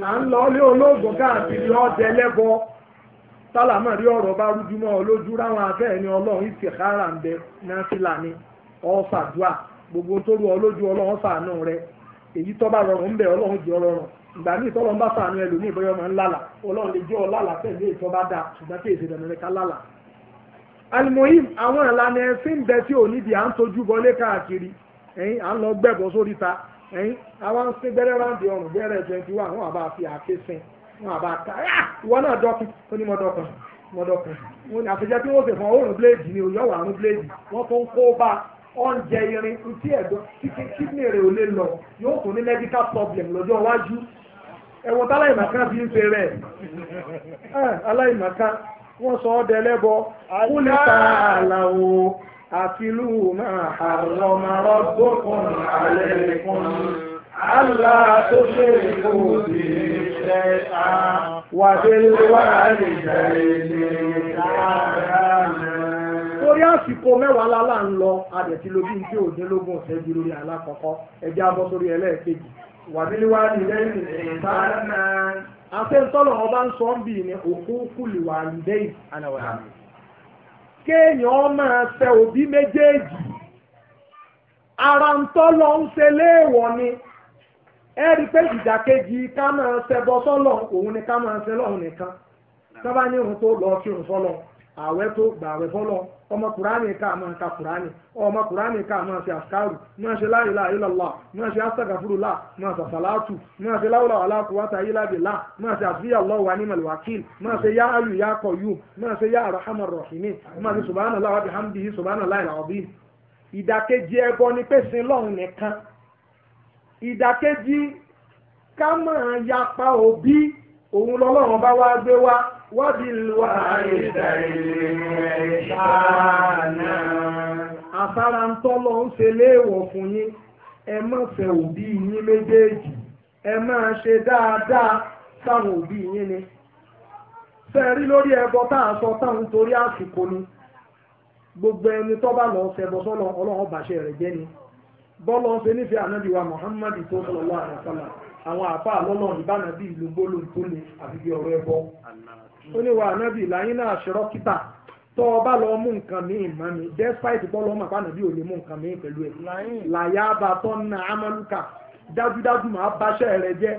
à ń lọ ilé olóògùn káàkiri ọ̀dẹ lẹ́bọ sálámà rí ọ̀rọ̀ bá rújú mọ́ gbogbo tó rú ọ lójú rẹ èyí tó bá rọrùn ń bẹ gbà ní tọ́lọ́ ń bá ní ẹlòmíì bóyá ọmọ ńlálà ọlọ́run lè jẹ́ ọ pẹ̀lú ètò bá dáa ṣùgbọ́n èsì dandan rẹ̀ ká lálà. alimoyim àwọn ìlànà ẹ̀sìn ń bẹ tí ò nídìí à ń tojú bọlé káàkiri ẹ̀yìn à ń lọ gbẹ̀bọ sórí ta ẹ̀yìn ń sin gbẹ́rẹ́ ọrùn gbẹ́rẹ́ twenty one wọn àbá fi àáké sin wọn àbá ká ah, ìwọ náà dọ́kun irin tí ẹ̀dọ́ ò lè lọ yóò ẹ̀wọ̀n tá aláìmọ̀kan fi ń ṣe rẹ̀ aláìmọ̀kan wọ́n sọ ọ́ dẹlẹ́bọ kúlẹ̀ tààlà o àfilú máa àrọ̀mọ̀rọ̀ gbókùn àlẹ́ nìkan àlá tó ṣe kó di iṣẹ́ ta wà délé wà lè jẹ́ ilé dáadáa lórí àsìkò mẹ́wàá lálá ń lọ adẹ̀tí lójú ní tí òdínlógún ọ̀sẹ̀ di lórí alákọ̀ọ́kọ́ ẹ̀jẹ̀ abọ́ sórí ẹlẹ́ẹ̀kejì wàbíliwá ni lẹ́yìn ìfàlànà. ọba ń sọ ń ni òkú kùlìwà lẹ́yìn kéèyàn máa fẹ́ òbí méjèèjì ara ń ṣe léèwọ̀ ni ẹ pé ìdàkejì ká máa ṣẹbọ sọ́lọ̀ òun ni ká máa ṣe lọ́hùn nìkan sábà lọ àwẹ̀ tó gbà àwẹ̀ fọlọ́ ọmọ kùránì ká máa ka kùránì ọmọ kùránì ká máa ṣe àṣkárù máa ṣe la ilaha illallah máa ṣe astaghfirullah máa ṣe máa ṣe láwùlà wàlá quwwata illa billah máa ṣe àṣìyà Allah wa wakil máa ṣe yá ayù yá qayyum máa ṣe yá arhamar rahimin máa ṣe subhanallah wa bihamdihi subhanallah al-azim. ìdàkejì ẹbọ ni pèsè lọ́hùn nìkan ìdàkejì ká máa yapa òbí òun lọ́lọ́run bá wá gbé wá وبالوالدين إحسانا àsára a ń ṣe léèwọ̀ fún yín ẹ má fẹ́ òbí yín méjèèjì ẹ máa ṣe dáadáa sáwọn òbí yín ni sẹ́ẹ̀rí lórí ẹbọ tá a sọ táwọn torí ni gbogbo ẹni tó bá lọ ṣẹbọ sọlọ ọlọ́run bàṣẹ rẹ̀ jẹ́ ni bọ́lọ̀ ṣe nífẹ̀ẹ́ ànábì wa tó sallallahu àwọn oníwà wa ànábì láyín náà kíta tó o bá lọ mú nǹkan mi ìmọ̀ mi despite bọ́ lọ́mọ àpáànà ole ò lè mú nǹkan mi pẹ̀lú ẹ̀ làyà na amálùkà dájúdájú máa báṣẹ́ rẹ jẹ́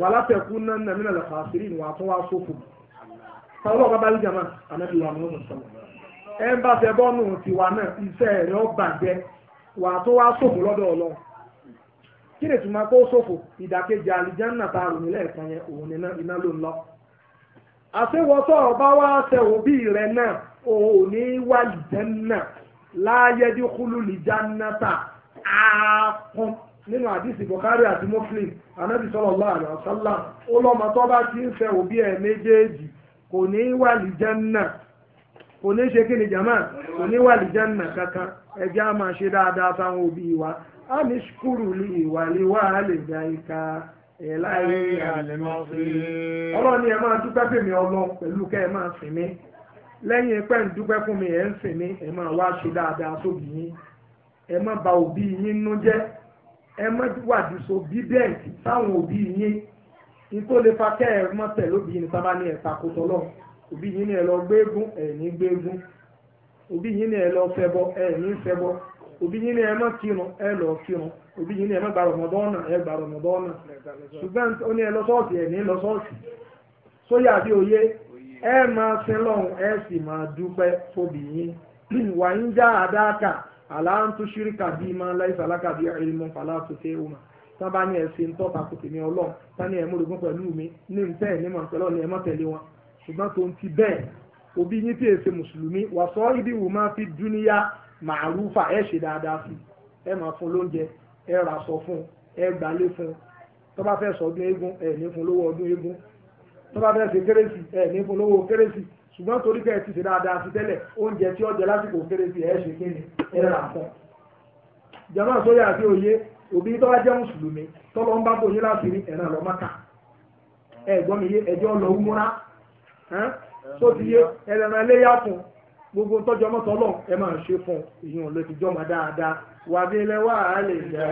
wà látẹ̀kú náà nàmínà lọ́kọ̀ àṣírí ìwà tó wá sófò táwọn ọba ń bá fẹ́ bọ́ọ̀nù iṣẹ́ wà wá sófò àṣewọ́sọ̀ ọba wa ṣẹ̀wọ̀n bí rẹ̀ náà òun ò ní wà lìjẹ́nà láàyè dínkùlù lìjánátà àákún nínú àdìsí bọ̀kárí àti Muslim anábì sallallahu alaihi wasallam ó lọ́mọ tó bá ti ń fẹ́ òbí ẹ̀ méjèèjì kò ní wà lìjánà kò ní ṣe kí ni jama kò ní wà lìjánà kankan ẹ̀jẹ̀ á máa ṣe dáadáa sáwọn òbí wa á ní ṣùkúrù lè wà lè wà á lè gbà yín ìláyé àlèmọ́sí. ọlọ́run ni ẹ máa dúpẹ́ fèmí ọlọ́run pẹ̀lú kẹ́ ẹ máa sìn mí lẹ́yìn pẹ́ ń dúpẹ́ fún mi ẹ̀ ń sìn mí ẹ máa wá ṣe dáadáa sóbì yín ẹ má bà òbí yín nú jẹ́ ẹ má wà dùsọ bíbẹ́ẹ̀tì sáwọn òbí yín ní tó lè fa kẹ́ ẹ mọ́ tẹ̀ lóbi yín sábà ní ẹ̀ta kó tọ́lọ̀ òbí yín ni ẹ lọ gbégún ẹ̀ ní gbégún òbí yín ni ẹ lọ fẹ́bọ ẹ̀ ní fẹ́bọ òbí yín ni ẹ má kírun ẹ lọ kírun òbí yín ni ẹ má gba rọmọdọ́nà ẹ gba rọmọdọ́nà ṣùgbọ́n ó ní ẹ lọ sọ́ọ̀sì ẹ̀ ní lọ sọ́ọ̀sì sóyà bí òye ẹ máa sin lọ́hùn ẹ sì máa dúpẹ́ fóbì yín wà ń já àdáàkà àlàntú ṣíríkà bíi máa láì sàlákà bíi ẹ̀rìmọ̀ fàlàtú tẹ́ òun tán bá ní ẹ ṣe ń tọ́ka mi ní ń tẹ́ ẹ̀ ní mọ̀ pẹ̀lú ọ̀nà ẹ mọ̀ tẹ̀lé wọn ṣùgbọ́n ti bẹ́ẹ̀ òbí yín tí èsè mùsùlùmí wà sọ ibi wù fi dúníyà màrúfà ẹ ṣe dáadáa sí ẹ máa fún lóúnjẹ ẹ rà sọ fún ẹ gbálé fún tó bá fẹ́ sọdún eégún ẹ ní fún lówó ọdún eégún tó bá fẹ́ ṣe kérésì ẹ ní fún lówó kérésì ṣùgbọ́n torí pé ẹ ti ṣe dáadáa sí tẹ́lẹ̀ oúnjẹ tí ọjọ́ lásìkò kérésì ẹ ṣe kéde ẹ rà fún. jama sóyà àti òye òbí tó bá jẹ́ mùsùlùmí tọ́lọ́ ń bá bò yín láti rí ẹ̀ràn lọ́ Mákà ẹ gbọ́ mi yé ẹjọ́ lọ wúmúra tó ti yé gbogbo tọ́jú ọmọ tọ́lọ̀ ẹ máa ṣe fún ìyún ló ti jọ́mọ dáadáa wà bí ilẹ̀ wà á lè jà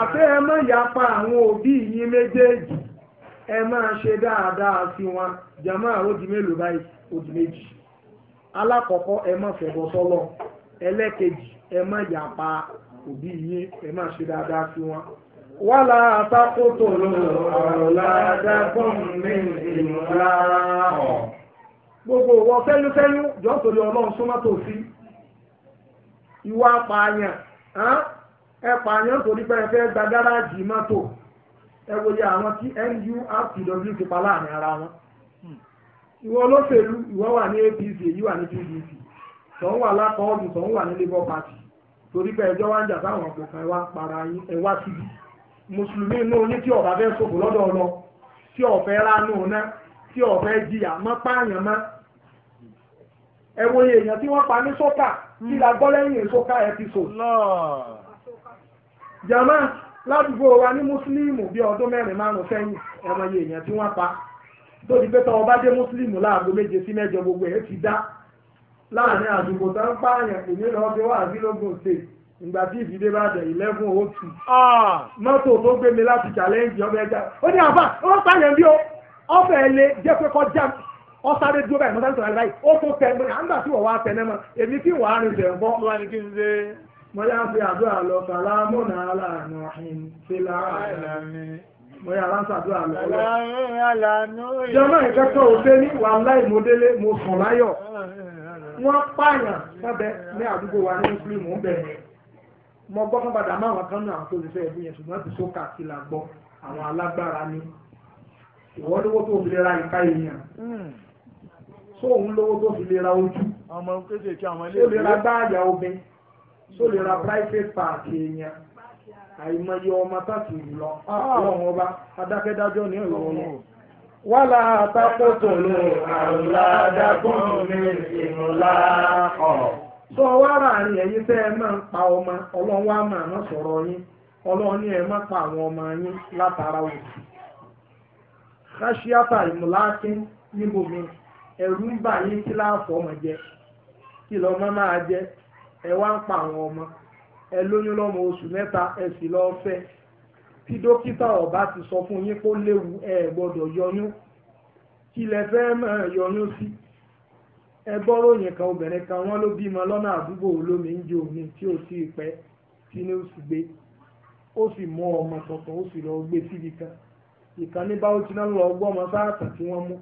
àfẹ́ ẹ má yapa àwọn òbí yín méjèèjì ẹ máa ṣe dáadáa sí wọn jàmá ó di mélòó báyìí ó di méjì alákọ̀ọ́kọ́ ẹ má fẹ̀bọ sọ́lọ̀ ẹlẹ́kejì ẹ má yapa òbí yín ẹ má ṣe dáadáa sí wọn wàlá àtàkùtò lòrò àròlá dákùn ní ìmúlá ọ̀. gbogbo ìwọ fẹ́lúfẹ́lú jọ́n torí ọlọ́run súnmọ́ tó sí ìwà apààyàn ẹ pààyàn gba gáràjì mọ́tò ẹ wòye àwọn tí NURTW ti pa láàrin ara wọn ìwọ olóṣèlú ìwọ wà ní APC èyí wà ní PDP tó ń wà tó ń wà ní Labour Party torí pé ẹjọ́ wá ń jà sáwọn kan wá para ọlọ tí ọ̀fẹ́ ránú ná tí ọ̀fẹ́ jìyà mọ́ pààyàn mọ́ ẹ̀wọ̀n èèyàn tí wọ́n pa ní sókà tí la gbọ́ lẹ́yìn sókà episode. jama ládùúgbò wa ní mùsùlùmù bíi ọdún mẹ́rin márùn-ún sẹ́yìn ẹ̀wọ̀n èèyàn tí wọ́n pa tó di pé tọ́wọ́ bá dé mùsùlùmù láago méje sí mẹ́jọ gbogbo ẹ̀ ti dá láàrin àdúgbò tó ń pààyàn èmi lọ́ọ́ fi wá sí lógún state ìgbà tí ìdílé bá dẹ̀ eleven o oh two. mọ́tò tó gbé mi láti challenge ọbẹ̀ ẹja ó ní àbá ó pààyàn bí ó ọbẹ̀ ẹ̀ ọ sáré dúró báyìí mọ́sálásí sọ̀rọ̀ báyìí ó tún tẹ mọ́ àǹgbà tí wọ́n wá náà èmi kí wàá rìn jẹ̀ ń bọ́. mo yà fi àdúrà lọ sí láàárọ̀ mo yà àdúrà lọ. jọmọ òde ní mo láyọ̀ pààyàn sábẹ́ ní àdúgbò wa ní ń bẹ̀rẹ̀ mo gbọ́ fún padà máa wọn kan náà àwọn tó lè fẹ́ yẹn ṣùgbọ́n ti sókà sí la gbọ́ àwọn alágbára ni ìwọ́dúnwó tó sóun um lówó tó fi lera oju. ojú lera lè ra gbáàyà obìn private park èèyàn àìmọye ọmọ tàbí ìlọ ah. ọlọ́run ọba adákẹ́dájọ́ ní ìrọ̀rùn wala àtàkùtò ló àrùládàkùn mi ìmúlá ọ̀. sọ wá láàrin ẹ̀yin tẹ́ ẹ máa ń pa ọmọ ọlọ́run wá máa sọ̀rọ̀ yín ọlọ́run ẹ pa àwọn ọmọ yín látara káṣíátà ẹ̀rù ń bà yín kí láàfọ̀ ọmọ jẹ kí lọ mọ́ máa jẹ ẹ wá ń pa àwọn ọmọ ẹ lóyún lọ́mọ oṣù mẹ́ta ẹ sì lọ́ọ́ fẹ́ tí dókítà ọba ti sọ fún yín kó léwu ẹ gbọ́dọ̀ yọyún kí lẹ fẹ́ máa yọyún sí ẹ gbọ́rọ̀ yẹn kan obìnrin kan wọ́n ló bímọ lọ́nà àdúgbò olómi ń jẹ omi tí ò sí pẹ́ tí ní ó gbé ó sì mú ọmọ tuntun ó sì lọ gbé síbi kan ìkànnì báwo ti náà lọ gbọ́ ọmọ sáà tàn tí wọ́n mú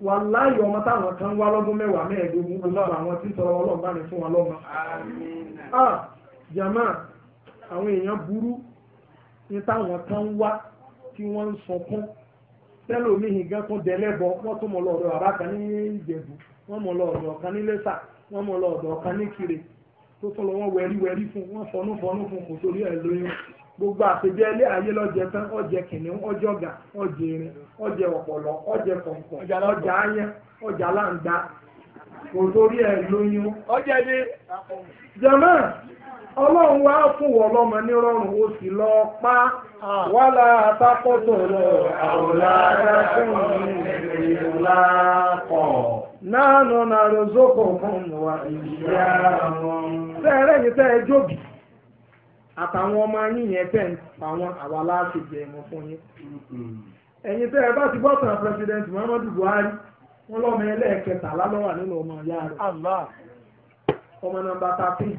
wàláyé ọmọ táwọn kan wá lọ́dún mẹ́wàá mẹ́ẹ̀ẹ́dógún gbogbo àwọn tí ń tọrọ ọlọ́run fún wọn lọ́mọ. ah jama àwọn èèyàn burú ní táwọn kan wá kí wọ́n ń sọkún tẹ́lómihin gan tún dẹ́lẹ́bọ wọ́n tún mọ̀ lọ́dọ̀ bàbá kan ní ìjẹ̀bù wọ́n mọ̀ lọ́dọ̀ lẹ́sà wọ́n ní gbogbo àpèjẹ ilé ayé lọ́jẹ tán ọjẹ kìnìún ọjẹ ọ̀gà ọjẹ erin ọjẹ ọ̀pọ̀lọ́ ọjẹ kọ̀ǹkọ̀ ọjà ayán ọjà láǹgbá kò torí ẹ̀ lóyún. ọjẹ ni. ọlọ́run fún lọ́mọ o sì lọ pa wàhálà àtàkọ́tò lọ àwòlá adájọ́ ìrìnlẹ̀ lápọ̀. nánú na zókò fún wa ìyá wọn. sẹ́ẹ̀rẹ́ yìí àtàwọn ọmọ yín yẹn tẹ̀ ń pa wọn àwa láti jẹ ẹ̀mọ́ fún yín. ẹ̀yin tẹ́ ẹ bá ti gbọ́sàn president Muhammadu Buhari wọ́n lọ́mọ ẹlẹ́ẹ̀kẹta lálọ́wà nínú ọmọ ìyá rẹ̀ ọmọ nọ́mbà thirteen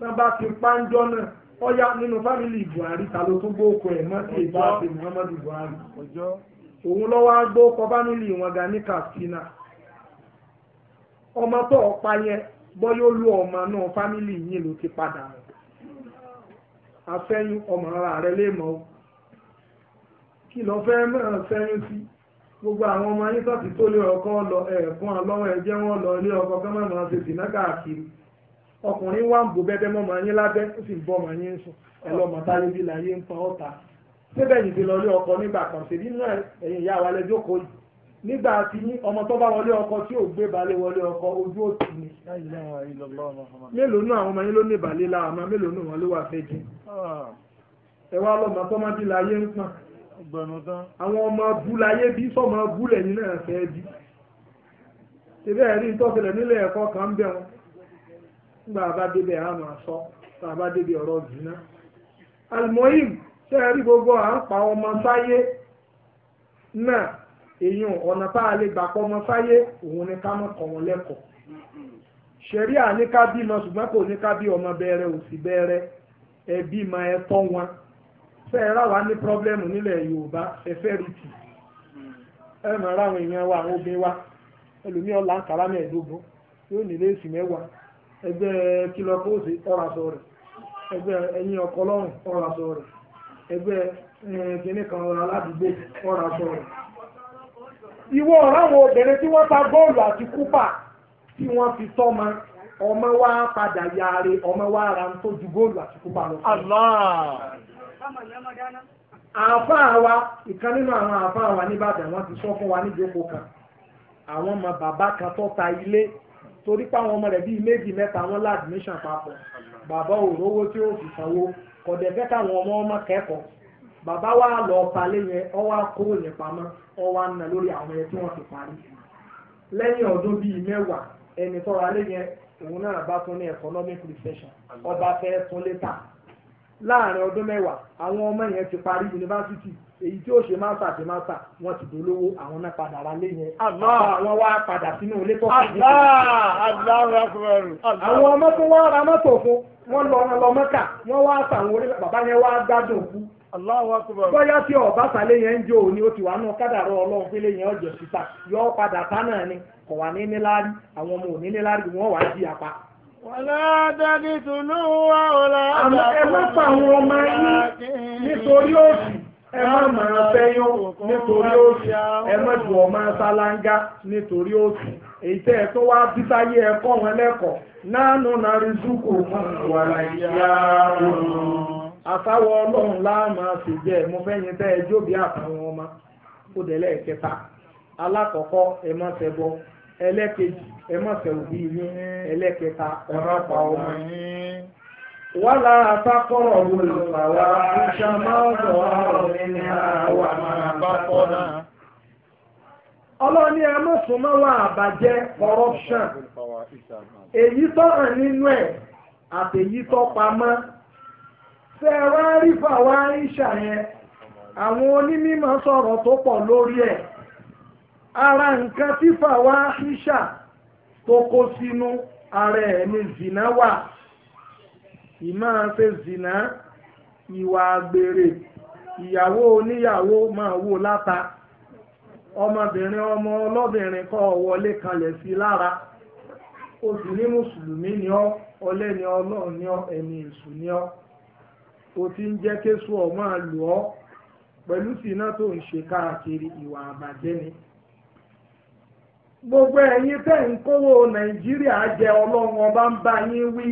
nọ́mbà ti pàǹjọ́ náà ọ̀yá nínú fámìlì Buhari ta ló tún gbóòkó ẹ̀ mọ́ sí ètò àti Muhammadu Buhari òun lọ́wọ́ á gbóòkó fámìlì wọn ga ní Katsina ọmọ tó ọ̀pá yẹn bọ́ lu ọmọ náà fámìlì yìí ló ti padà afẹ́yún ọmọ ara rẹ lè mọ̀ o kí lọ fẹ́ mẹ́rin fẹ́yún sí gbogbo àwọn ọmọ yín tọ́tí tó lé ọkọ lọ ẹ̀ẹ̀kan lọ́wọ́ ẹ̀jẹ̀ wọn lọ ilé ọkọ kọ́ mọ̀ ṣe sì náà káàkiri ọkùnrin wà ń bo bẹ́tẹ́ mọ́ màá yín lábẹ́ ó sì ń bọ́ màá yín sùn ẹlọ́mọ táyé bí láyé ń pa ọ̀tá síbẹ̀ yìí ti lọ ilé ọkọ nígbà kan ṣèbí náà ẹ̀yìn ìyá wa lẹ́jọ́ kọ́ yìí nígbà tí ní ọmọ tó bá wọlé ọkọ tí ò gbé balẹ̀ wọlé ọkọ ojú òtún ni. mélòó nù àwọn ọmọ yín ló ní ìbàlẹ̀ la àmọ́ mélòó nù wọn ló wà fẹ́ jẹ. Ah. ẹ wá lọ́mọ tó máa di láyé ń pọ̀n. àwọn ọmọ bú láyé bí sọmọ bú lẹ́yìn náà fẹ́ bí. ṣébí ẹ̀rí ìtọ́sílẹ̀ nílẹ̀ ẹ̀kọ́ kan ń bẹ̀ wọn. nígbà bá débẹ̀ á máa sọ tá bá débẹ̀ ọ̀rọ̀ jìnnà. àlùmọ́yìn ṣẹ́ẹ̀rí gbogbo à ń pa ọmọ sáyé náà èyàn ọ̀nà tá a lè gbà pọ̀ ọmọ sáyé òun ni ká mọ̀ kọ̀ wọ́n lẹ́kọ̀ọ́ ṣẹ̀rí àníká bímọ ṣùgbọ́n kò níká bí ọmọ bẹ̀rẹ̀ ò bẹ̀rẹ̀ ẹbí ma ẹ tọ́ wọn ráwa ní pírọ́blẹ́mù nílẹ̀ Yorùbá ẹfẹ́ rí tì ẹ mọ̀ ráwọn èèyàn wa àwọn wa ẹlòmí ọ̀la ń kàrá mẹ́ẹ̀ẹ́dógún yóò nílé èsì mẹ́wàá ẹgbẹ́ rẹ̀ ẹgbẹ́ ẹ̀yìn ìwọ ọ̀ráwọn obìnrin tí wọ́n ta bọ́ọ̀lù àti kúpà tí wọ́n fi tọ́mọ ọmọ wa padà yaare ọmọ wa ara ń tó bọ́ọ̀lù àti kúpà lọ. àáfàá wa ìkan nínú àwọn àáfàá wa nìbàdàn wọ́n ti sọ fún wa níjókòó kan àwọn ọmọ bàbá kan tó ta ilé torí pé àwọn ọmọ rẹ̀ bíi méjì mẹ́ta wọn ládùmíṣàn papọ̀ bàbá òróró tí ó fi sanwó kọ̀dẹ̀fẹ́ káwọn ọmọ ọmọ kẹ́kọ̀ọ́ bàbá wa lọ palẹ̀ yẹn ọ wá kó yẹn pamọ́ ọ wá nà lórí àwọn yẹn tí wọ́n ti parí lẹ́yìn ọdún bíi mẹ́wàá ẹni tọ́ra alẹ́ yẹn òun náà bá tún ní economic recession ọba fẹ́ tún létà láàrin ọdún mẹ́wàá àwọn ọmọ yẹn ti parí yunifásitì èyí tí ó ṣe máa sàṣe máa sà wọn ti dolówó àwọn náà padà wá lé àwọn wá padà sínú ilé tó kàdé àwọn ọmọ tó wá ra mọ́tò fún wọn lọ wọn lọ mọ́kà wọn wá sàwọn orí bàbá yẹn wá gbádùn kú bóyá tí ọba sálẹ̀ yẹn ń jó òní ó ti wà nù kádàrọ̀ ọlọ́run yẹn ọjọ́ síta yọ náà ni kò wà ní níláàrí àwọn ọmọ òní níláàrí wọn wà á di àpá. wàlá dábì tùlù àwọn ọmọ yín nítorí òsì ẹ má máa fẹ́yọ́ nítorí òsì ẹ má ju ọmọ sálángá nítorí òsì èyí tẹ́ ẹ tó àsáwọ ọlọ́run láàmà sì jẹ́ mo fẹ́ tẹ́ ẹ jóbi àtàwọn ọmọ ó dẹ̀lẹ́ kẹta alákọ̀ọ́kọ́ ẹ má ṣe bọ ẹlẹ́kejì ẹ má ṣe òbí yín ẹlẹ́kẹta ẹ ọmọ yín. àtàkọ́rọ̀ fà wá máa ń sọ ṣe ẹ wá rí fàwa ìṣà yẹn àwọn onímọ̀ sọ̀rọ̀ tó pọ̀ lórí ẹ̀ ara nǹkan tí fàwa ìṣà tó kó sínú ara ẹ̀ ni zina wà ìmọ̀ ṣe zina ìwà àgbèrè ìyàwó oníyàwó máa wò láta ọmọbìnrin ọmọ ọlọ́bìnrin kọ́ wọlé sí lára mùsùlùmí ni o ti ń jẹ́ kéṣù ọ̀ máa lù ọ́ pẹ̀lú sínà tó ń ṣe káàkiri ni. gbogbo ẹ̀yin tẹ̀ ń kówó nàìjíríà jẹ ọlọ́run ọba ń bá yín wí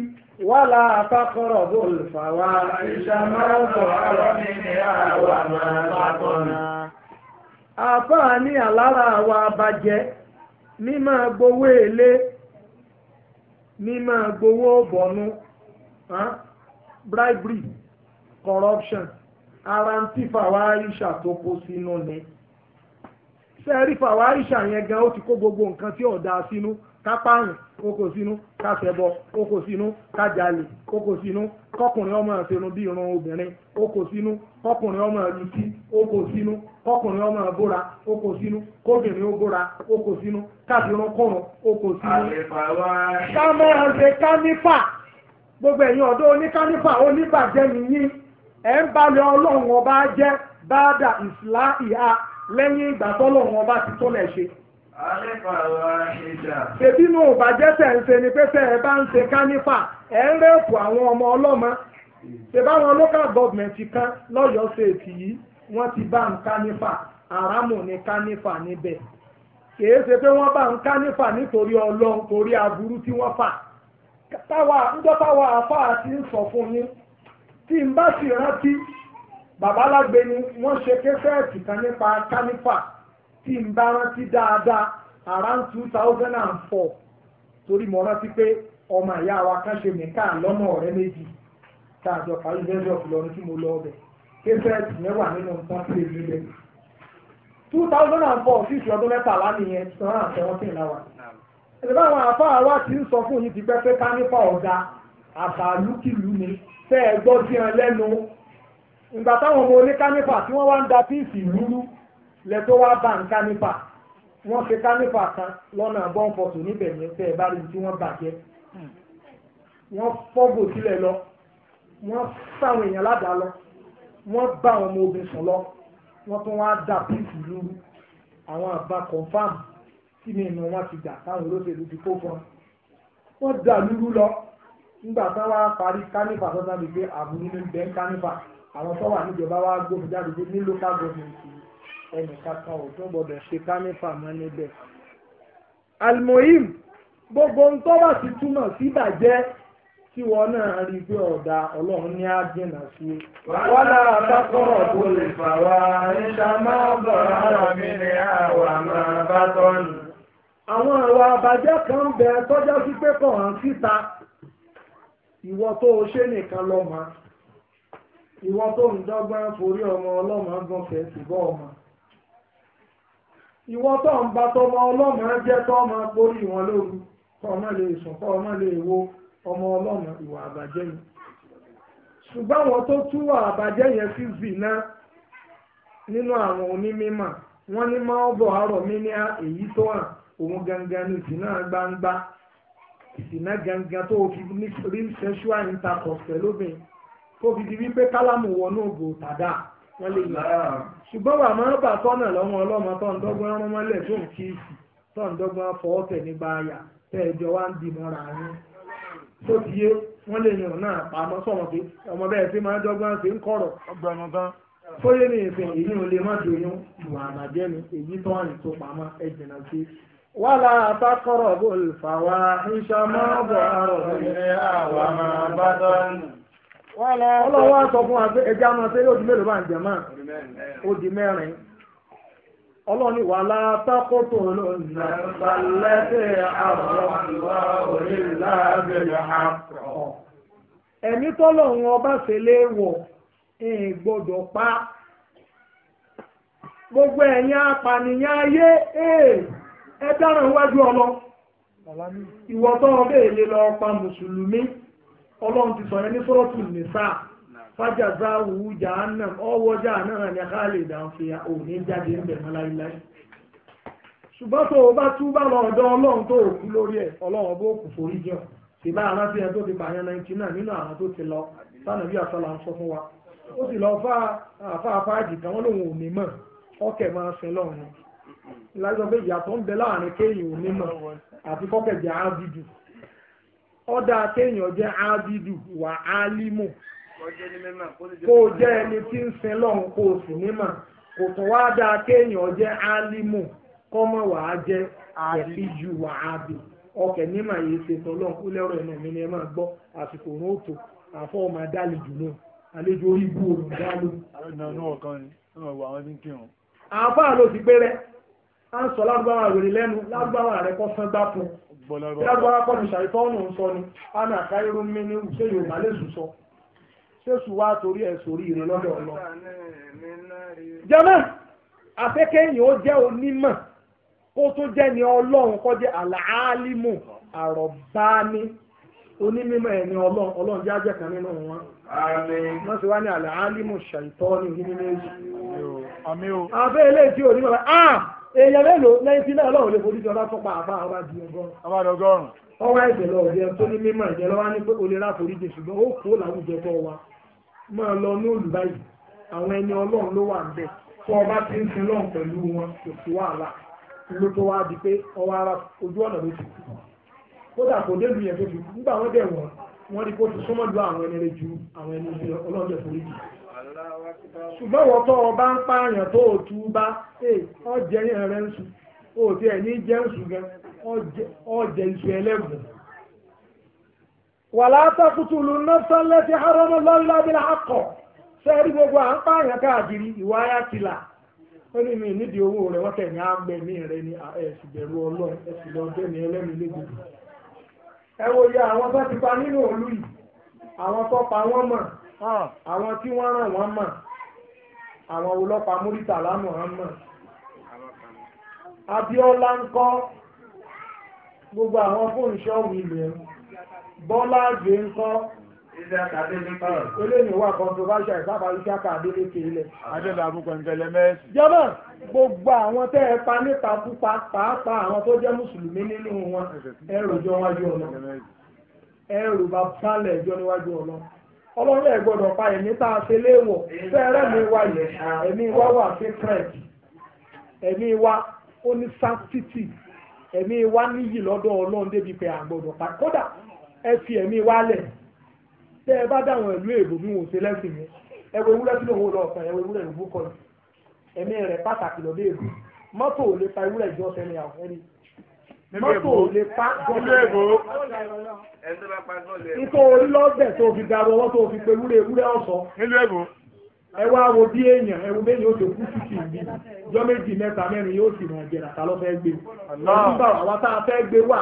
wàlá afákọ̀rọ̀ bó lè fà wá. àìsàn máa ń sọ àrọ́ mi ní àwa máa bá tọ̀ náà àfáà ní àlára bribery corruption ara ń tí fàwáìṣà tó kó sínú ni sẹ́ẹ̀rí fàwáìṣà yẹn gan ó ti kó gbogbo nǹkan tí ò dáa sínú kápáàrùn ó kó sínú kásẹ̀bọ ó kó sínú kájalè ó kó sínú kọkùnrin ọmọ ìṣẹ̀nu bí irun obìnrin ó kó sínú kọkùnrin ọmọ ìlùtí ó kó sínú kọkùnrin ọmọ ìbóra ó kó sínú kóbìnrin ó bóra ó kó sínú kábìrin kọrùn ó kó sínú. ká máa ṣe kánífà gbogbo ẹ̀yin ọ̀dọ́ oníkánífà oníbàjẹ́ nìyí ẹ̀ ń balẹ̀ ọlọ́run ọba jẹ́ báàdà ìsìlá ìhà lẹ́yìn ìgbà tọ́lọ́run ọba ti tó lẹ̀ ṣe. ṣèbí nù bàjẹ́ tẹ̀ ń ṣe ni pé tẹ́ ẹ bá ń ṣe kánífà ẹ̀ ń rẹ́pù àwọn ọmọ ọlọ́mọ ṣèbáwọn local government kan lọ́yọ̀ọ́ ṣèètì yìí wọ́n ti bá ń kánífà àrámù ní kánífà níbẹ̀ kìí ṣe pé wọ́n bá ń kánífà nítorí ọlọ́run torí aburú tí wọ́n fà táwa ń jọ́ táwa àfáà ti ń sọ fún yín tí n bá sì rántí ni wọ́n ṣe kẹfẹ́ẹ̀tì kan nípa kánífà tí n bá dáadáa around two thousand and four torí mo rántí pé ọmọ ìyá wa kan ṣe mí káà lọ́nà ọ̀rẹ́ méjì káàjọ mo lọ ọbẹ̀ kẹfẹ́ẹ̀tì mẹ́wàá nínú nǹkan tí èmi two thousand and four fífi ọdún mẹ́tàlá nìyẹn báwọn ti ń sọ fún ti pẹ́ pé kánífà ọ̀gá tẹ́ ẹ gbọ́ sí ẹ lẹ́nu ìgbà táwọn ọmọ oníkánífà tí wọ́n wá ń da píìsì lúrú lẹ́tọ́ wá bá ń kánífà wọ́n ṣe kánífà kan lọ́nà bọ́ǹfọ̀tò níbẹ̀ yẹn tẹ́ ẹ bá rí tí wọ́n bàjẹ́ wọ́n fọ́gbò sílẹ̀ lọ wọ́n sáwọn èèyàn ládàá lọ wọ́n bá àwọn ọmọ obìnrin sùn lọ wọ́n tún wá da píìsì lúrú àwọn àbá kọ̀ǹfàmù tí mi ìnà wọn ti dà táwọn olóṣèlú ti kó fún wọn dà lúrú lọ nígbà tán wá parí kánífà tó tán gbé àbúrú ní bẹ́ẹ̀ kánífà àwọn tó wà níjọba wá gbófin jáde pé ní local government ẹnìkan kan ò tó gbọdọ̀ ṣe kánífà mọ́ níbẹ̀. almohim gbogbo ń tọ́ bá ti túmọ̀ sí ìbàjẹ́ tí wọn náà rí pé ọ̀dà ọlọ́run ní á jìnnà sí i. wọ́n náà bákọ̀rọ̀ tó lè fà wá níta máa bọ̀ ara mi ní àwa máa bá tọ́nu. àwọn àwa àbàjẹ́ kan bẹ tọ́jọ́ sí pé kọ̀ọ̀hán síta ìwọ tó o ṣe nìkan lọ́mọ ìwọ tó ń dọ́gbọ́n forí ọmọ ọlọ́mọ gbọ́nfẹ́ iwọ ọmọ ìwọ tó ń ba tọmọ ọlọ́mọ jẹ́ tọ́mọ porí wọn lóru tọmọ lè sùn tọmọ lè wo ọmọ ìwà àbàjẹ́ ṣùgbọ́n tó àbàjẹ́ yẹn nínú àwọn wọn ní àrọ̀ èyí tó hàn òun gangan ní gbangba. ìsìnà gangan tó fi rí sexual intercourse pẹ̀lú obìnrin tó fi di wípé kálámù wọnú ògbò tàdá wọ́n lè yà á ah. ṣùgbọ́n wà máa bà tọ́nà lọ́wọ́ ọlọ́mọ tó ń dọ́gbọ́n rán mọ́lẹ̀ tó ń kí ìsì tó ń dọ́gbọ́n fọwọ́ tẹ̀ nígbà àyà tẹ́ ẹjọ́ wá ń dìmọ́ra yín tó ti yé wọ́n lè yàn náà pamọ́ sọ̀rọ̀ pé ọmọ bẹ́ẹ̀ fi máa dọ́gbọ́n ṣe ń kọ̀rọ̀ fóyé ní ìsìn èyí ò lè má dòyún ìwà àbàjẹ́ ni èyí tó àyìn tó pamọ́ ẹ̀jẹ̀ náà ṣe ولا تقربوا الفواحش ما ظهر منها وما بطن ọlọ́run wá sọ fún wa pé ẹja máa ṣe yóò di mélòó bá ń jẹ ó di mẹ́rin ọlọ́run balẹ̀tẹ̀ àpọ̀. ọba gbọ́dọ̀ pa gbogbo ayé ẹ dáràn wájú ọlọ ìwọ tọrọ bẹ́ẹ̀ lè lọ pa mùsùlùmí Ọlọ́run ti sọ yẹn ní sọrọtù nìsà fàjàzà wù jàánà ọwọjà náà ní káàlì ìdánfìyà òní jáde ń bẹ̀ mọ́ láíláí ṣùgbọ́n tó o bá túbà lọ ọ̀dọ̀ Ọlọ́run tó o kú lórí ẹ̀ Ọlọ́run bó kù forí jẹun ìbá aláti ẹ tó ti pààyàn náìtì náà nínú àwọn tó ti lọ sánà bí àsọlà ń sọ fún wa ó sì lọ fá àfáàfáàjì kan wọn lòun ò ní mọ̀ ọkẹ̀ máa sin lọ́run láìsọ pé ìyàtọ̀ ń bẹ láàrin kéèyàn ò nímọ̀ àti kọ́kẹ̀jẹ̀ ábídù ọ̀dà kéèyàn jẹ́ ábídù wà álímù kó o jẹ́ ẹni tí ń sin lọ́hùn kó o sì nímọ̀ kò tún wá dáa kéèyàn jẹ́ álímù kọ́mọ̀ wà á jẹ́ àbíjù wà ábì ọkẹ̀ nímọ̀ yìí ṣe tán lọ́hùn kó lẹ́rọ ẹ̀nà mi ni ẹ máa gbọ́ àsìkò òun ó tó àfọ́ ọmọ adálejò náà àlejò orí ibú òrùn dálóhùn. àwọn ọ̀kan ni wọ́n wọ àwọn ẹbí ń kírun. àbá ló ti pẹ́rẹ́ à ń sọ lágbára wèrè lẹ́nu lágbára rẹ̀ kọ́ sán gbá fún lágbára kọ́ mi ṣàyẹ̀tọ́ ọ̀nà ń sọ ni ana káírú mi ní ṣé yorùbá lè sùn sọ ṣé sùn wá torí ẹ̀ sórí ìrìn lọ́dọ̀ ọ̀nà. jama afẹ́kẹ́yìn ó jẹ́ onímọ̀ kó tó jẹ́ ni ọlọ́run kọ́ jẹ́ àlàálímù àrọ̀báni onímọ̀ ẹni ọlọ́run ọlọ́run jẹ́ ajẹ́ kan nínú wọn. wọ́n sì wá ní àlàálímù ṣàyẹ̀tọ́ ní onímọ̀ èjì. èèyàn mélòó lẹ́yìn tí náà ọlọ́run lè forí jọra tó pa àbá àbá di ọgọ́rùn. àbá ọwọ́ ẹ̀jẹ̀ lọ ọ̀jẹ̀ tó ní mímọ̀ ẹ̀jẹ̀ lọ́wọ́ ní pé olè ráforí jẹ ṣùgbọ́n ó kó làwùjọ tó wa máa lọ ní àwọn ẹni ọlọ́run ọba ń sin pẹ̀lú wọn kò sí wàhálà ló tó wá di pé ọwọ́ ara ojú ọ̀nà ló ti kú kódà kò dé ṣùgbọ́n wọ́n tọ́ ọba bá ń pààyàn tó o tú eh, ọ jẹ yẹn nsụ ń sùn o ti ẹ̀ ní jẹ́ ń sùn gan ọ jẹ ìṣù ẹlẹ́gùn. wàlá lu gbogbo à ń pààyàn káàkiri ìwà ayá ó ní mi nídìí owó rẹ̀ wọ́n tẹ̀ ní rẹ̀ ní ọlọ́run Ah, àwọn tí wọ́n ràn wọ́n mọ̀ àwọn ọlọ́pàá múrítà lánàá wọ́n mọ̀ Abíọ́lá ń kọ́ gbogbo àwọn fóònù ṣọ́ọ̀bù ilẹ̀ Bọ́lá àgbè ń kọ́ eléyìí wà controversial ìsáfà ìsáka adélèké ilẹ̀. adélè àbúkọ ìtẹlẹ mẹ́sì. jọ́mọ̀ gbogbo àwọn tẹ́ ẹ pa níta pupa pàápàá àwọn tó jẹ́ mùsùlùmí nínú wọn ẹrù jọ wájú ọlọ ẹrù bá balẹ̀ jọ níwájú ọlọ ọlọ́run ẹ̀ gbọ́dọ̀ pa ẹ̀mí tá a ṣe léèwọ̀ fẹ́ẹ́rẹ́ mi wá yẹ ẹ̀mí wa wà sí fred ẹ̀mí wa ó ní sanctity ẹ̀mí wa níyì lọ́dọ̀ ọlọ́run débi pé à gbọ́dọ̀ pa kódà ẹ fi ẹ̀mí wa lẹ̀ tẹ́ ẹ bá dáwọn ìlú èbò mi wò ṣe lẹ́sìn yẹn ẹ ewúrẹ́ tí lòun lọ ọ̀sán ewúrẹ́ ìlú ẹ̀mí rẹ̀ pàtàkì lọ́dọ̀ èbò mọ́tò ò lè pa ewúrẹ́ ìjọ sẹ́ni àwọn ẹni mọ́tò lè pa gọ́ọ̀lù nítorí lọ́bẹ̀ tó fi darú ọwọ́ tó fi pe wúrẹ́ wúrẹ́ ọ̀sọ́. ẹ wá wo bí èèyàn ẹ wo bí èèyàn ó ṣe kú títì bí jọ méjì mẹ́ta mẹ́rin yóò sì ràn jẹ̀rà tá ló fẹ́ gbé nígbà wàá tá a fẹ́ gbé wà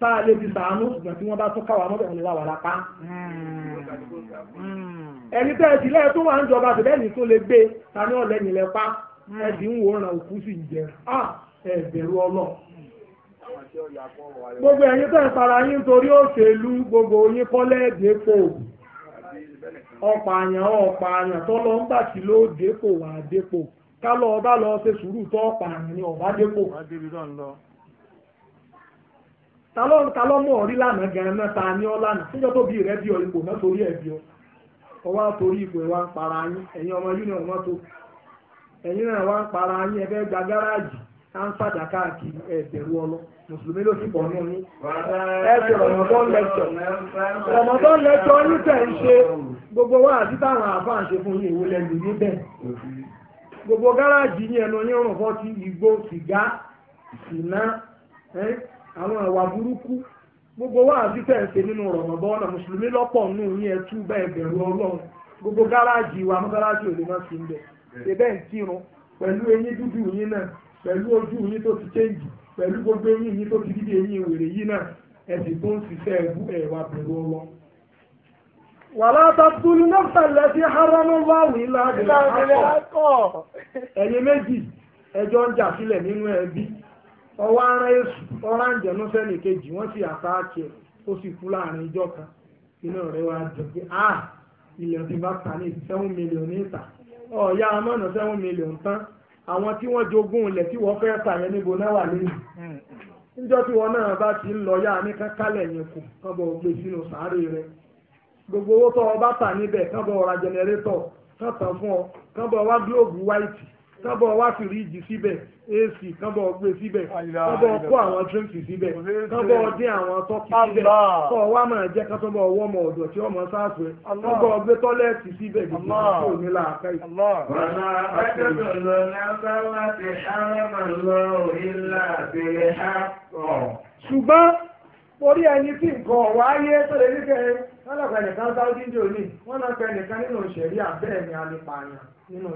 tá a lè fi sàánú ṣùgbọ́n tí wọ́n bá tún káwa mọ́bẹ̀ wọn lè wà wàrà pa. Hmm. ẹni tẹ́ ẹ sì lẹ́yìn tó wà ń jọba àtẹ̀lẹ́ ní tó lè gbé ta ní ọ̀lẹ́yìn lẹ pa ẹ sì ń wòran òkú sì ń jẹ ah, ẹ bẹ̀rù ọlọ́run gbogbo ẹ̀yin tẹ̀ ń para yín òṣèlú gbogbo yín kọ́lẹ́ dépò ọ̀pààyàn ọ̀pààyàn tó lọ ń gbà sí ló dépò wà dépò ká ọba lọ ṣe sùúrù tó ọ̀pààyàn ni ọba dépò. ta ló mú ọrí lánàá gan rẹ bí ọ ipò náà torí bí ọ àtòrí à ń sàdà káàkiri ẹ̀bẹ̀rù ọlọ́ mùsùlùmí ló sì pọ̀ nù ní. ẹ̀bẹ̀ ọ̀mọ̀dán lẹ́tọ̀ ọ̀mọ̀dán lẹ́tọ̀ yín ń ṣe gbogbo wa àti táwọn ń ṣe fún yín ìwé lẹ́nu gbogbo gáràjì yín ẹnu yín rùn fọ́ ti igbó sìgá gbogbo wa àti ṣe nínú mùsùlùmí lọ́pọ̀ pẹ̀lú ojú yín tó ti change pẹ̀lú gbogbo eyín yín tó ti dídí eyín wèrè yín náà ẹ̀sìn tó ń ṣiṣẹ́ ẹ̀bú ẹ̀wà bẹ̀rù ọlọ́. wàlá taqtulu ẹ̀yin méjì ẹjọ́ ń nínú ẹbí ọwọ́ ara èṣù ọ̀rá ń kan rẹ̀ wá jọ pé a ah, ilẹ̀ ti bá ta ní seven million amọ̀nà seven àwọn tí wọ́n jogún ilẹ̀ tí wọ́n fẹ́ tà yẹn níbo náà wà lẹ́yìn níjọ́ tí wọ́n náà bá ti ń lọ yá ní kánkálẹ̀ yẹn kù kán bọ̀ gbé sínú rẹ gbogbo owó tó bá tà níbẹ̀ kán ra jẹnẹrétọ̀ kán ọ kán wá gílóòbù wáìtì kábọ̀ wá fìríjì síbẹ̀ ac kábọ̀ gbé síbẹ̀ kábọ̀ kó àwọn drinks síbẹ̀ kábọ̀ dín àwọn tọ́kì síbẹ̀ kọ́ wá máa jẹ́ kátọ́bọ̀ ọwọ ọmọ ọ̀dọ̀ tí ọmọ sáàsù ẹ̀ kábọ̀ gbé tọ́lẹ́ẹ̀tì síbẹ̀ gbogbo kò ní làákà yìí. ọ̀nà lọ àbẹ̀rẹ̀ ṣùgbọ́n orí ẹni tí nǹkan ọ̀wá ayé lọ nìkan sáwọ́dí lọ nìkan nínú ni a lè pààyàn nínú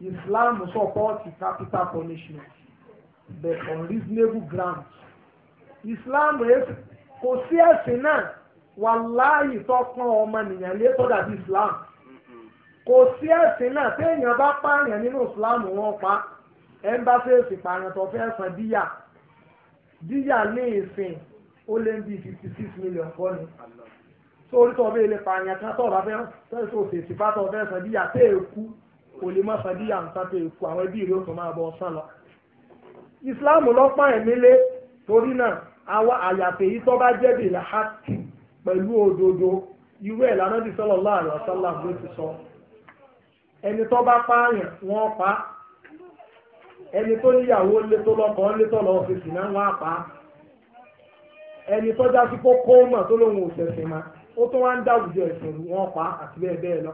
Islam supports capital punishment The unreasonable reasonable grounds. Islam kò sí ẹ̀sìn náà wàláyì tọkàn ọmọnìyàn lé tó dàbí Islam kò sí ẹ̀sìn náà téèyàn bá pààyàn nínú Islam wọn pa ẹ̀ńbáṣẹ́sì pààyàn tó fẹ́ san díyà díyà ní ìsìn ó lé ní fifty six million kọ́ ni sórí tó ọbẹ̀ ilé pààyàn kan tó ọ̀rọ̀ afẹ́ sẹ́sọ̀ òṣèṣì bá tó ọbẹ̀ san díyà téè kú kò lè má sadi àǹtàtò èkó àwọn ẹbí rẹ ó tún máa bọ ọsán lọ. ìsìláàmù lọ́pàá ẹ̀mí lé torí náà àwa àyàfẹ́ yìí tó bá jẹ́bi làhákì pẹ̀lú òdodo irú ẹ̀ lánàbí sallallahu alaihi wasallam ló ti sọ. ẹni tó bá pààyàn wọ́n pa ẹni tó níyàwó lé tó lọ́kọ̀ọ́ lé tó lọ́ọ́ fèsì náà wọ́n á pa ẹni tó já sí kókó mọ̀ tó lóun ò ṣẹ̀ṣẹ̀ mà ó tún wá ń dáwùjọ ẹ̀sìn wọ́n pa àti bẹ́ẹ̀ bẹ́ẹ̀ lọ.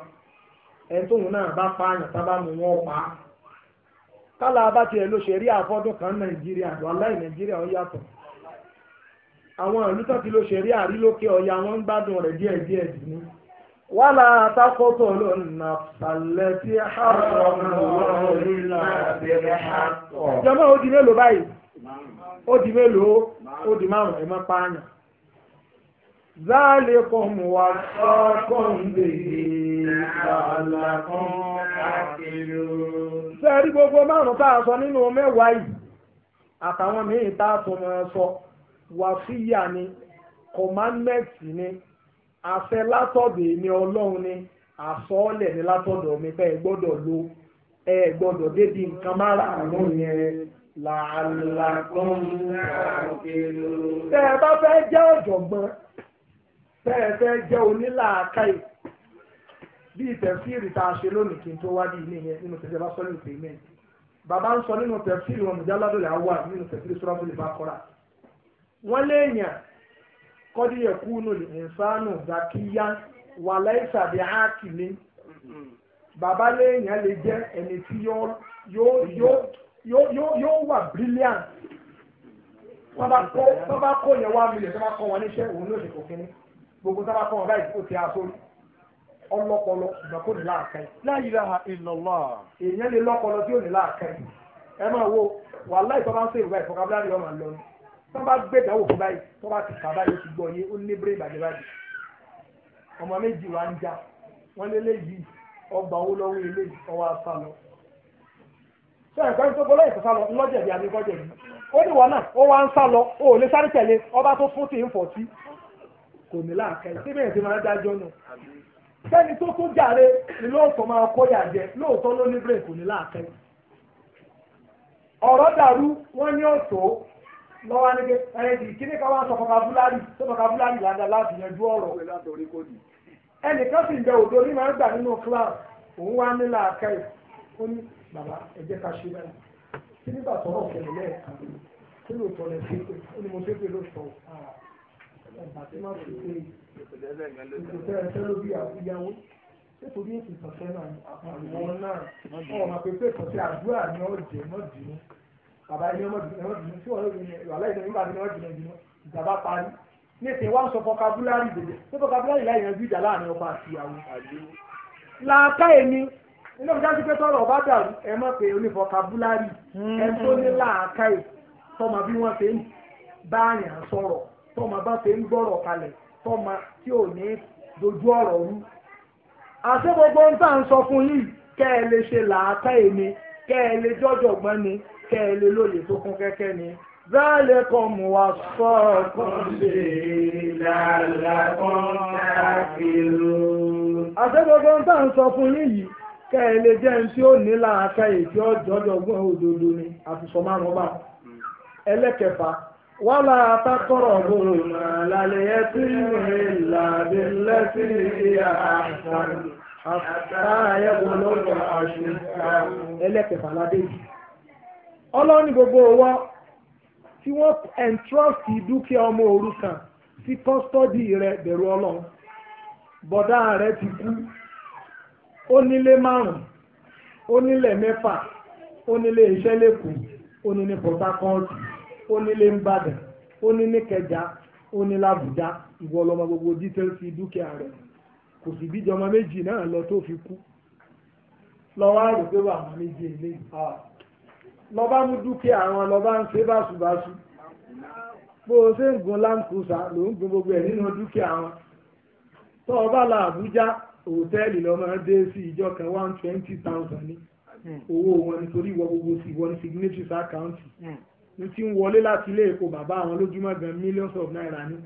ẹni tóun náà bá pààyàn sábà mú wọn pa á kálá bá ló ṣe rí àfọ́dún kan nàìjíríà wàláì nàìjíríà ó yàtọ̀ àwọn ìlú tó ti ló ṣe rí àrílókè ọ̀yà wọn ń gbádùn rẹ̀ díẹ̀ díẹ̀ dì ní. wàhálà àtàkọ́tọ̀ ló nà sàlẹ̀ tí mélòó márùn ẹ̀ pààyàn. záàlì kan làálàkùn àkìlú. sẹ́ẹ̀rí gbogbo márùn tá a sọ nínú mẹ́wàá yìí àtàwọn míì tá a tún wọn sọ wàsíyà ni kọ̀mánmẹ́ǹtì ni àṣẹ látọ̀dọ̀ èmi ọlọ́run ni àsọ́ọ̀lẹ̀ ni látọ̀dọ̀ mi pé ẹ gbọ́dọ̀ lo ẹ gbọ́dọ̀ débi nǹkan márààrún yẹn làálàkùn àkìlú. tẹ́ ẹ bá fẹ́ jẹ́ ọ̀jọ̀gbọ́n tẹ́ ẹ fẹ́ jẹ́ onílàákàyè. bí tẹ̀fíìrì tá a ṣe lónìí kí n tó wá di ilé yẹn nínú tẹ̀fíìrì bá sọ nínú payment bàbá ń sọ nínú tẹ̀fíìrì wọn mùjáládò là wà nínú tẹ̀fíìrì sọ́rọ́bù lè bá kọ́ra wọ́n léèyàn kọ́dí ẹ̀kú nù ìfánù dàkíyá wà bí ákìlì bàbá léèyàn lè jẹ́ ẹni tí yóò wà brilliant wọ́n kó yẹn wá mílíọ̀nù tó bá kọ́ wọn níṣẹ́ òun ló ṣe kò kínní gbogbo tó bá kọ́ wọn báyìí ó ti aṣọ Ọlọpọlọ ṣùgbọ́n kò ní láàkẹ́. La ilaha illallah. èèyàn lè lọpọlọ tí ò ní láàkẹ́. ẹ máa wo wàhálà ìtọ́ba ń sọ ìwé ìfọkàbílárì ọmọ lọ́nu tó bá gbé ìdáwó fún báyìí tó bá ti kà báyìí ó ti yé ó ní báyìí. ọmọ méjì ń já lé léyìí ọgbà owó lọ́wọ́ ilé ọwọ́ asá lọ. sọ sẹ́ni tó tó jàre ni lóòótọ́ máa kọ́yà jẹ lóòótọ́ ló ní brain kò ní láàkẹ́ ọ̀rọ̀ dàrú wọ́n ní ọ̀tọ̀ lọ́wọ́ ní pé ẹni tí kíní ká wá sọ fọkàbúlárì tó fọkàbúlárì lága láti yanjú ọ̀rọ̀ ẹnìkan sì ń bẹ òdo ní máa ń gbà nínú class òun wá ní láàkẹ́ ó ní bàbá ẹ̀jẹ̀ ká ṣe bẹ́ẹ̀ kí nígbà tọ́rọ̀ kẹlẹ̀ lẹ́ẹ̀kan kí lóòótọ́ àti má fi pé ìpèsè ẹsẹ ló bí àfihàn nítorí èsì ìtọ́sẹ́ náà àpàlùwọ́ náà wọn máa pèsè ìtọ́sẹ́ àdúrà ni ó jẹ mọ́ dìínú bàbá ẹni ọmọ dìínú ọmọ dìínú tí wọn lóye ní ìwà láì nígbà tí wọn dìínú dìínú ìjàmbá parí ní ètè wa ń sọ fọkabúlárì dèdè ní fọkabúlárì láì yanjú ìjà láàrin ọkọ àti ìyàwó. làákà èmi nínú ìjà sí pé tọrọ ọba dàrú ẹ mọ̀ pé onífọkabúlárì ẹ tó ní làákà ẹ tọmọ bí wọn ṣe ń bá àyàn sọ̀rọ̀ tọ́mọ bá fẹ́ ń gbọ́rọ̀ kalẹ̀ tọ́mọ tí ò ní dojú ọ̀rọ̀ rú. àti gbogbo ń tà ń sọ fún yìí kẹ́ ẹ lè ṣe làákà èmi kẹ́ ẹ lè jọ́jọ̀ gbọ́n ni kẹ́ ẹ lè lóye tó kún kẹ́kẹ́ ni. Zálẹ̀ kan mú wa sọ ọ̀kan ṣe làlàkan káàkiri. Àti gbogbo ń tà ń sọ fún yín yìí kẹ́ ẹ lè jẹ́ tí ó ní làákà èyí tí ó jọ́jọ̀ gbọ́n òdodo ni àfisọ márùn-ún bá. ẹlẹ́kẹ̀fà wọ́lá àtàkọ̀rọ̀ gbòòrùn àlàlẹ̀ ẹtí ìlà àbílẹ́sí ìyá àṣàn àtàyẹ̀wò lọ́wọ́ àṣùkà ẹlẹ́kẹ̀fà ládéjì. ọlọ́ni gbogbo wa tí wọ́n ẹ̀ńtrọ́sì dúkìá ọmọ òrukàn sí kọ́sítọ́dì rẹ̀ bẹ̀rù ọlọ́run bọ̀dá rẹ̀ ti kú onílé márùn-ún onílẹ̀ mẹ́fà onílé iṣẹ́ lẹ́kọ̀ọ́ onílé Port Harcourt ó nílé ń bàdàn ó ní níkẹjà ó ní làbújá ìwọ lọmọ gbogbo details fi dúkìá rẹ kò sì bí jọmọ méjì náà lọ tó fi kú lọ́wọ́ àrò pé wà mọ́ méjì ilé lọ́ba mú dúkìá wọn lọ́ba ń ṣe báṣubàṣu bó o ṣe ń gun lankusa ló ń gun gbogbo ẹ̀ nínú dúkìá wọn tó o bá la Àbújá òtẹ́ẹ̀lì lọ́mọ dé sí ìjọ kan one twenty thousand ní hmm. owó wọn nítorí ìwọ gbogbo sí ìwọ ní signatories àkáǹtì hmm ní tí ń wọlé láti ilé èkó bàbá àwọn lójúmọ́ gan millions of naira ní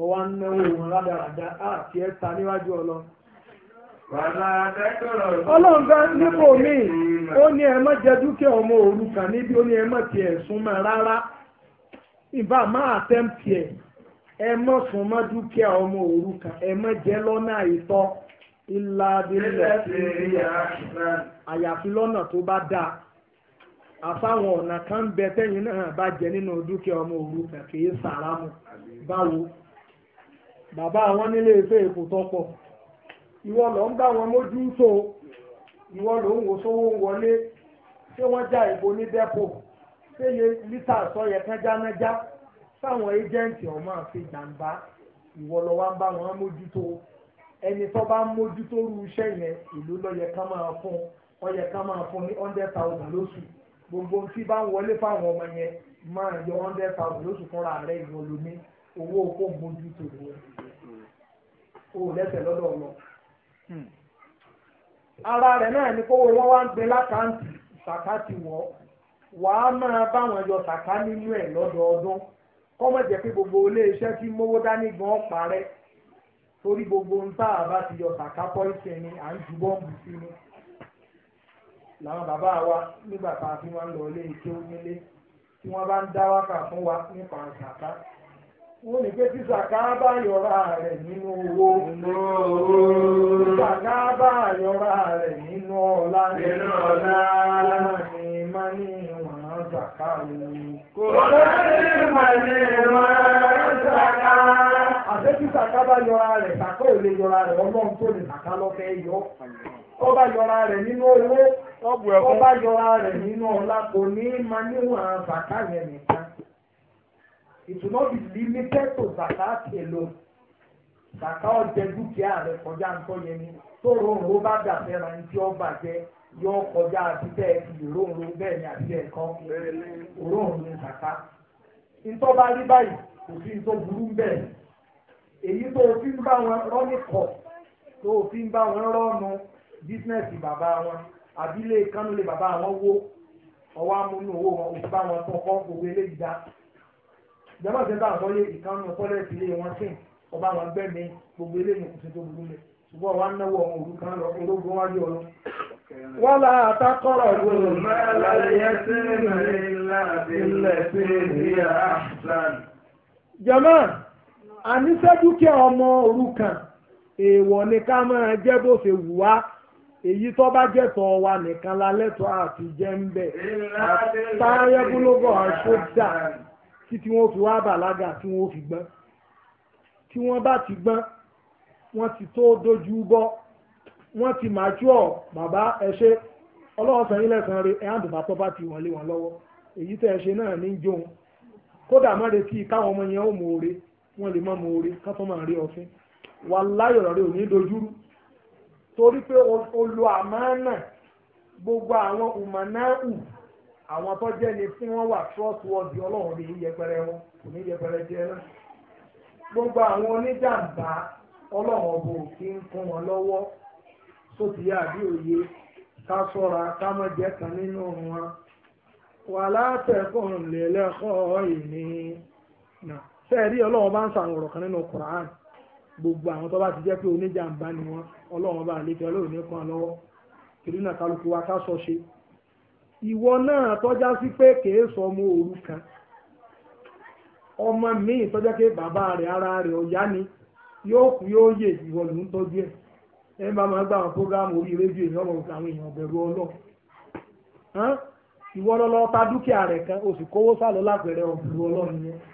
ọwọ́ ń náwó wọn rádaràda àti ẹ̀ta níwájú ọlọ. ọlọ́run gan nípò mi ó ní ẹ má jẹ dúkìá ọmọ òrukàn níbi ó ní ẹ má tiẹ̀ súnmọ́ rárá ìbá máa tẹ́ǹpì ẹ̀ ẹ má súnmọ́ dúkìá ọmọ òrukàn ẹ má jẹ lọ́nà àìtọ́ ìlà abirílẹ̀ àyàfi lọ́nà tó bá dáa àfáwọn ọ̀nà kan bẹ tẹ́yìn náà bá jẹ nínú dúkìá ọmọ òrukàn kì í sàrámù báwo bàbá wọn nílé iṣẹ́ èkó tọ́pọ̀ ìwọ lọ ń bá wọn mójú tó ìwọ ló ń wo sówó ń wọlé ṣé wọ́n já ìbò ní dẹ́pọ̀ ṣé iye lítà sọyẹ kan jánájá sáwọn éjẹ́ǹtì ọmọ àti jàǹbá ìwọ lọ wá ń bá wọn mójútó ẹni tó bá ń mójútó rú iṣẹ́ yẹn ìlú ló yẹ ká máa fún ó yẹ ká máa fún ní hundred thousand lóṣù gbogbo tí bá ń wọlé fáwọn ọmọ yẹn máa yọ hundred thousand lóṣù fúnra rẹ̀ ìwọ lómi owó kó mójú tó ní o lẹ́sẹ̀ lọ́dọ̀ lọ. Hmm. ara rẹ̀ náà ni kó wọ́n wá ń gbé lákàntì sàkátì wọ́ wàá máa báwọn yọ sàká nínú ẹ̀ lọ́dọọdún kọ́mọ̀ jẹ́ pé gbogbo ilé iṣẹ́ tí mówó dání gan parẹ́ torí gbogbo ń tá a bá ti yọ sàká pọ́ìsì ni à ń ju bọ́ǹbù sí làwọn bàbá wa nígbà tá a fi wọn lọ ilé iṣẹ́ onílé tí wọ́n bá ń dá wákà fún wa nípa àṣàká wọ́n ní pé tí sàká bá yọra rẹ̀ nínú owó sàká bá yọra rẹ̀ nínú ọlá nínú ọlá ní má ní ìwọ̀n sàká ni. kò sáré má ní ìwọ̀n àbẹ́tí sàká bá yọra rẹ̀ sàká ò yọra rẹ̀ ọlọ́run tó lè sàká lọ́fẹ́ yọ ọba yọra rẹ̀ nínú owó ọba yọra rẹ̀ nínú ọlá kò ní ma níwọ̀n sàká yẹn nìkan ìtùnú bí limited to sàká kèlò sàká ọjẹ dúkìá rẹ̀ kọjá nǹkan yẹn ni tó rọrùn ó bá dà fẹ́ra ní tí ó bàjẹ́ yọ kọjá àti bẹ́ẹ̀ fi bẹ́ẹ̀ ni àti bẹ́ẹ̀ rí báyìí èyí tó o fi ń bá wọn rọ́nìkọ̀ tó o fi ń bá wọn rọ́nu bísínẹ́sì bàbá wọn àbílẹ̀ bàbá wọn wó ọwọ́ amúnú owó wọn òfin bá wọn tán kọ́ gbogbo eléyìí dá ìjọba bá àgbọ́lé ìkánú pọ́lẹ́tì ilé wọn sìn ọba gbogbo eléyìí tó burú mi ṣùgbọ́n wa náwó ọmọ òru wọ́n la àníṣe dúkìá ọmọ òrukàn èèwọ̀ ni ká máa jẹ́ bó ṣe wù wá èyí tó bá jẹ́tọ̀ wa nìkan la lẹ́tọ̀ àti jẹ́ ń bẹ̀ táyẹ́búlógọ̀ àṣọ́jà títí wọ́n fi wá bàlágà tí wọ́n fi gbọ́n tí wọ́n bá ti gbọ́n wọ́n ti tó dojú bọ́ wọ́n ti màjúọ̀ bàbá ẹ ṣe ọlọ́wọ́ sàn ilẹ̀ kan rẹ ẹ̀hán dùnmá tó bá ti wọ̀n wọn lọ́wọ́ èyí tẹ́ ẹ ṣe náà ní jóun kódà má retí káwọn ọmọ yẹn ó mọ̀ wọ́n lè má mọ orí kátó máa rí ọfín wà láyọ̀ rẹ̀ ò ní dojúrú torí pé olu àmánà gbogbo àwọn ùmánáù àwọn tó jẹ́ ni tí wọ́n wà trustworthy ọlọ́run lè yẹpẹrẹ wọn kò ní yẹpẹrẹ jẹ náà gbogbo àwọn oníjàǹbá ọlọ́run ọ̀bọ̀ kí ń kún wọn lọ́wọ́ sótìyà àbí òye ká sọ́ra ká má jẹ́ kan nínú wọn wà látẹ̀kùn lélẹ́kọ̀ọ́ ìní náà. sẹ́ẹ̀rí ọlọ́run bá ń sàrùn ọ̀rọ̀ kan nínú Quran gbogbo àwọn tó bá ti jẹ́ pé oníjàmbá ni wọ́n ọlọ́run bá lè tẹ ọlọ́run ní kan lọ́wọ́ kiri kálukú wa ká sọ ṣe ìwọ náà tọ́já sí pé kèé sọ ọmọ òru kan ọmọ míì tọ́já pé bàbá rẹ̀ ara rẹ̀ ọ̀yá ni yóò kú yóò yè ìwọ ló ń tọ́jú ẹ̀ o kówó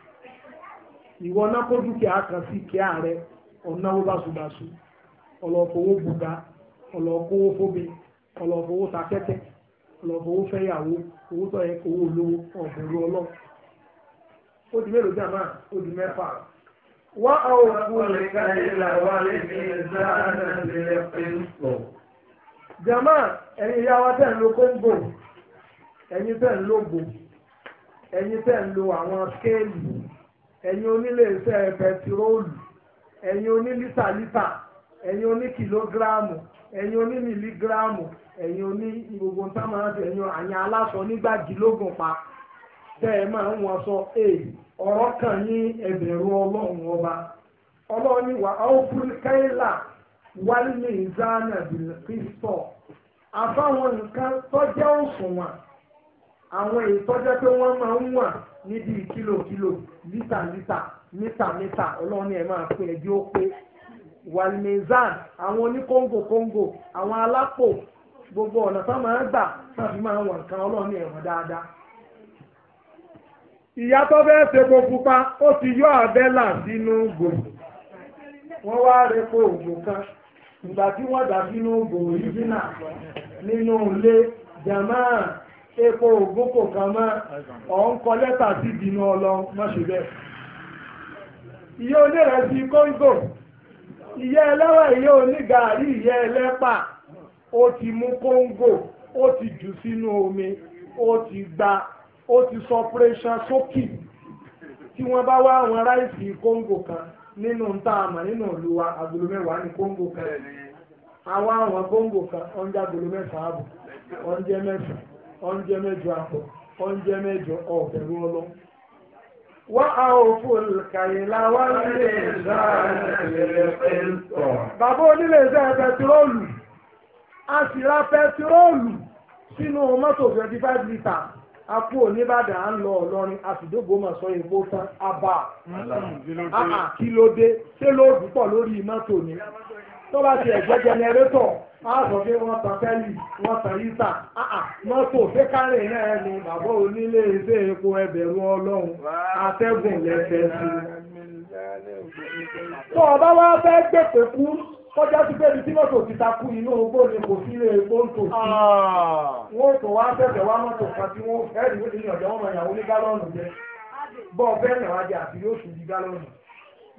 ìwọ náà kó dúkìá kan sí kí ààrẹ ọ̀nàwó báṣubàṣu ọlọ́fowó buga ọlọ́fowó fóbi ọlọ́fowó takẹ́tẹ́ ọlọ́fowó fẹ́yàwó owó tó yẹ kó owó olówó ọ̀bùrú ọlọ́ ó di mélòó jàmá ó di mẹ́fà. wá àwọn òkúlẹ̀ káyìlá wà lẹ́bi ìzáàdà lẹ́yẹ pẹ́ńsọ̀. jàmá ẹ̀yin ìyá wa tẹ̀ ń lo kóńgò ẹ̀yin tẹ̀ ń lo gbò ẹ̀yin tẹ̀ ń lo àwọn skéèlì ẹ̀yin oníléeṣẹ́ pẹtiróòlù ẹ̀yin onílítàlítà ẹ̀yin oníkìlógíráàmù ẹ̀yin onímìlígíráàmù ẹ̀yin oní gbogbo ń Enyo àti ẹ̀yin àyàn aláṣọ nígbàgílógún pa bẹ́ẹ̀ máa ń wọ́n sọ èyí ọ̀rọ̀ kan ní ẹ̀bẹ̀rún ọlọ́run ọba ọlọ́run ní wálé ní bìlẹ̀ kristo àfáwọn nǹkan òṣùwọ̀n àwọn ìtọ́jọ́ tó wọ́n máa ń wà níbi kìlòkìlò lítà lítà mítà mítà ọlọ́run ẹ̀ máa pín ẹjọ́ pé walmezan àwọn oníkóńgò kóńgò àwọn alápò gbogbo ọ̀nà tó máa ń gbà tàbí máa ń wà nǹkan ọlọ́run ẹ̀ dáadáa. ìyá tó fẹ́ wọ́n wá kan ìgbà tí wọ́n dà sínú yìí dínà epo ògbópò kan mọ́ ọ̀hún kọ lẹ́tà sí ìdìnnà ọlọ́run má bẹ́ẹ̀. ìyá onírẹsì kóńgò ìyá ẹlẹ́wà ìyá onígàárí ìyá ẹlẹ́pà ó ti mú kóńgò ó ti jù sínú omi ó ti gba ó ti sọ pírẹ́ṣà sókè tí wọ́n bá wá àwọn kan nínú wa agolo mẹ́wàá ní kóńgò kan àwọn àwọn kóńgò kan ọ̀njẹ́ agolo mẹ́sàn-án ọ̀njẹ́ oúnjẹ mẹ́jọ àpọ̀ oúnjẹ mẹ́jọ ọ̀bẹ̀rù ọlọ́. wá a ò fún kàyìnlá wá nílé ìzáàlẹ̀ bàbá onílé ìzáàlẹ̀ pẹtiróòlù a sì ra pẹtiróòlù sínú mọ́tò twenty five litre akú oníbàdàn à ń lọ ọlọrin àfìdógbòmọ̀sọ èbó tán abà kí ló dé ṣé lóòdù pọ̀ lórí mọ́tò ni tó bá ti ẹ̀jẹ̀ jẹnẹrétọ̀ á sọ pé wọ́n tan tẹ́lì wọ́n tan yíta mọ́tò fẹ́kárẹ̀ náà ni bàbá onílé iṣẹ́ epo ẹbẹ̀rún ọlọ́run atẹ́gùn lẹ́fẹ̀ẹ́ sí. tó o bá wá fẹ́ gbèpè kú kọjá sí pé ibi tí mọ́tò ti takú inú ogbó ni kò sí ilé epo ń tò sí. wọ́n tó wá tẹ̀sẹ̀ wá mọ́tò kan tí wọ́n fẹ́ẹ́ rí ìyànjẹ́ wọn mọ̀ ìyàwó ní gálọ́ọ̀nù jẹ bọ́ọ̀ fẹ́ẹ́ yàn wájà àti yóò sùn di gálọ́ọ̀nù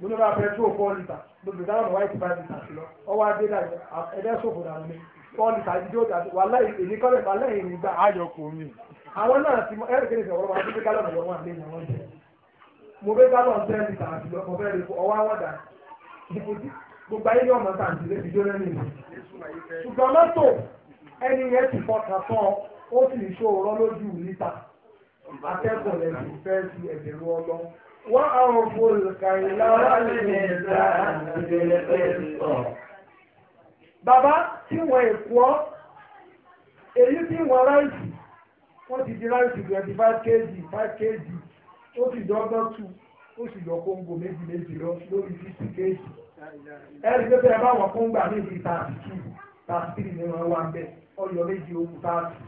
mo ní bá fẹ́ tó four litre gbogbo ìdáhùn wáyé ti five litre lọ ọwọ́ adé náà ẹ̀dẹ́ sòfò dànù ni four litre ibi tó dàtí wà láyé èmi kọ́lẹ̀ bá lẹ́yìn ní gbà ayọ̀ kò mí. àwọn náà ti mọ ẹ̀rì kéde ìṣẹ̀wọ́n wọn adé gálọ̀nù yọ̀ wọn àlẹ́ yẹn wọ́n jẹ mo fẹ́ gálọ̀nù ten litre àti lọ mo fẹ́ lè fọ ọwọ́ àwọn dà gbogbo ayé ní ọmọ tá à ń tilé fi jóná ní ìlú ṣùgbọ́n mọ́tò ẹni yẹn ti fọkàn tán ó sì ń ṣòro lójú níta atẹ́gùn lẹ́sìn fẹ́ẹ́ fi ẹ̀bẹ̀rù ọlọ́run وأوفوا الكيل والميزان بالقسط bàbá tí wọ́n èkó èyí tí wọ́n ráìsì wọ́n ti di ráìsì twenty five kg five kg ó sì dọ́gbọ́n tù ó sì yọ kóńgò méjì méjì lọ lórí fifty kg ẹ̀rí pé bẹ́ẹ̀ bá wọ́n kóńgà méjì thirty two thirty three ni wọ́n wá bẹ́ẹ̀ ọyọ méjì ó kú thirty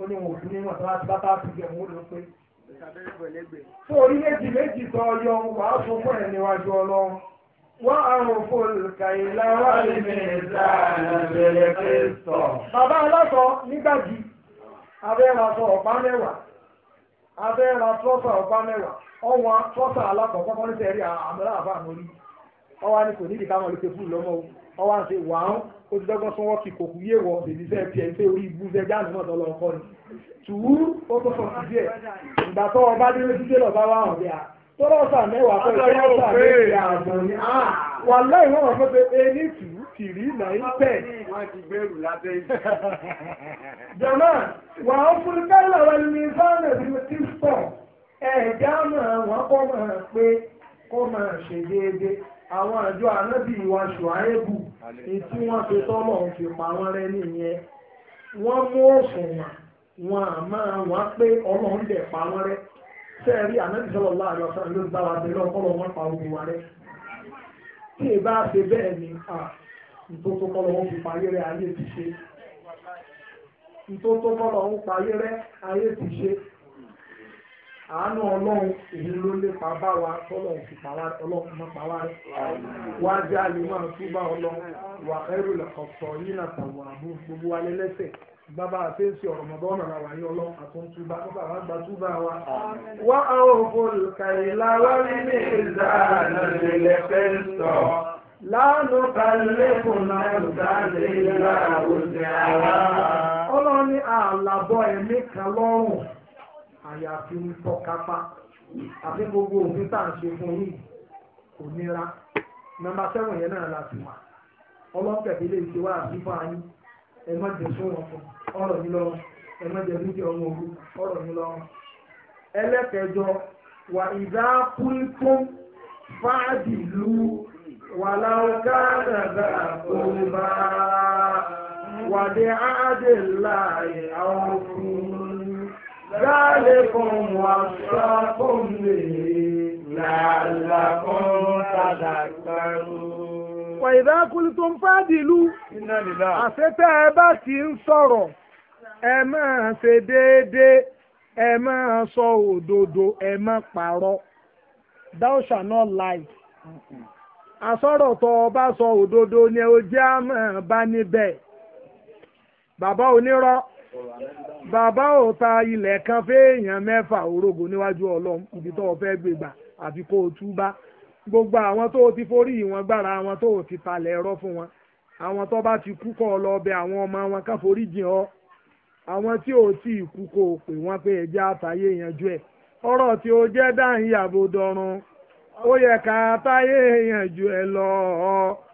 ó ní wọn ò tún ní wọn tó bá thirty bẹ́ẹ̀ wọ́n lọ pé. fún orílẹ̀-èdè méjì tó yọ wàá fún fún ẹ̀ níwájú ọlọ́run wọ́n àrùn fòlùkà ìlà wà lèmi ìlà àbẹ̀rẹ̀ bàbá aláṣọ nígbàdí sọ ọ̀pá mẹ́wàá abẹ́ra ọ̀pá mẹ́wàá alákọ̀ọ́kọ́ ní sẹ́rí àmọ́lá àbá àmọ́rí ni kò nídìí káwọn olùkẹ́ ọwọ́ àti wàhán ó ti dọ́gbọ́n sún wọ́ọ̀kì kò kú yéwọ̀ èdè iṣẹ́ tiẹ̀ ṣé orí ibú iṣẹ́ jáàmù náà tọ́lọ́ ọkọ ni tùwú ó tó sọ sí díẹ̀ ìgbà tó ọba dé lójú dé lọ́ba wà hàn bíà tọ́lọ́ sà mẹ́wàá pẹ̀lú ọ̀sà mẹ́wàá àgbọ̀n ni wà lẹ́yìn wọn wọ́n pé e ní tù tìrí náà ń tẹ̀. jọ̀mọ́ wà á fún kálọ̀ wọn ní fáwọn ẹ̀dùn tí sọ ẹ̀ẹ́dá máa wọ́n kọ́ máa pé kó máa ṣe déédéé àwọn àjọ ànábì ìwà ṣùgbọ́n ìtí wọ́n fi tọ́lọ̀ ń fi pa wọ́n rẹ́ nìyẹn wọ́n mú òṣùwọ̀n wọn àmọ́ wọn pé ọlọ́run dẹ̀ pa wọ́n rẹ́ sẹ́ẹ̀rí ànábì sọ̀rọ̀ láàrin ọ̀sán ló bá wa bẹ̀rẹ̀ ọpọlọ wọn pa ogun wa rẹ́ tí ì bá ṣe bẹ́ẹ̀ ni ntótó kọ́lọ̀ wọn fi parí rẹ́ ayé ti ṣe ntótó kọ́lọ̀ wọn parí rẹ́ ayé ti ṣe àánú ọlọ́run èyí ló lépa bá wa tọ́lọ́run fi pa wá ọlọ́run mọ́ pa wá rẹ̀ wá jẹ́ àlèmọ́ àtúbà ọlọ́run wà ẹrù lẹ́kọ̀ọ̀tọ̀ yìí náà tàwọn àbú gbogbo wa lẹ́lẹ́sẹ̀ bàbá àti ọ̀rọ̀ mọ̀bọ́ ọ̀nà làwà yìí ọlọ́run àtúntúbà bàbá wa gba túbà wa. wá àwọn òfòlùkà ìlà wá rí ní ìzà fẹ́ sọ. lánàá kálẹ́kùn náà ń sáré ìlà àyàfi ń tọ́ kápá àfi gbogbo òfin tá à ń ṣe fún yìí kò nira nọ́mbà sẹ́wọ̀n yẹn náà la ti wà ọlọ́pẹ̀bí lè ṣe wá àbífọ́ ayín ẹ má jẹ sún wọn fún ọ̀rọ̀ yín lọ́rùn ẹ má jẹ lóúnjẹ ọmọ òru ọ̀rọ̀ yín lọ́rùn. ẹlẹ́kẹjọ wà ìdá púlpún fáàdì lu wàláwùká dàgbà òun bá wàdí àádé láàyè àwọn òfin. ذلكم وصاكم به لعلكم تذكرون وإذا قلتم فاعدلوا àṣẹ tẹ́ ẹ bá ti ń sọ̀rọ̀ ẹ máa ṣe déédéé ẹ máa sọ òdodo ẹ thou shall not lie àsọ̀rọ̀ tó o sọ òdodo ni o jẹ́ àmọ́ bá níbẹ̀ bàbá onírọ́ bàbá ò ta ilẹ̀ kan fẹ́ẹ̀yàn mẹ́fà orógo níwájú ọlọ́run ibi tó o fẹ́ gbé gbà àfi kó o túbá gbogbo àwọn tó o ti forí ìwọ̀n gbára àwọn tó o ti talẹ̀ ẹ̀rọ fún wọn àwọn tó bá ti kú kọ́ ọ lọ bẹ àwọn ọmọ wọn ká forí jìn ọ́ àwọn tí ò tí kú kó o pè wọ́n pé ẹja àtàyè yanjú ẹ̀ ọ̀rọ̀ tí o jẹ́ dáhìn yàbò dọ̀run ó yẹ ká táyé yanjú ẹ lọ ọ́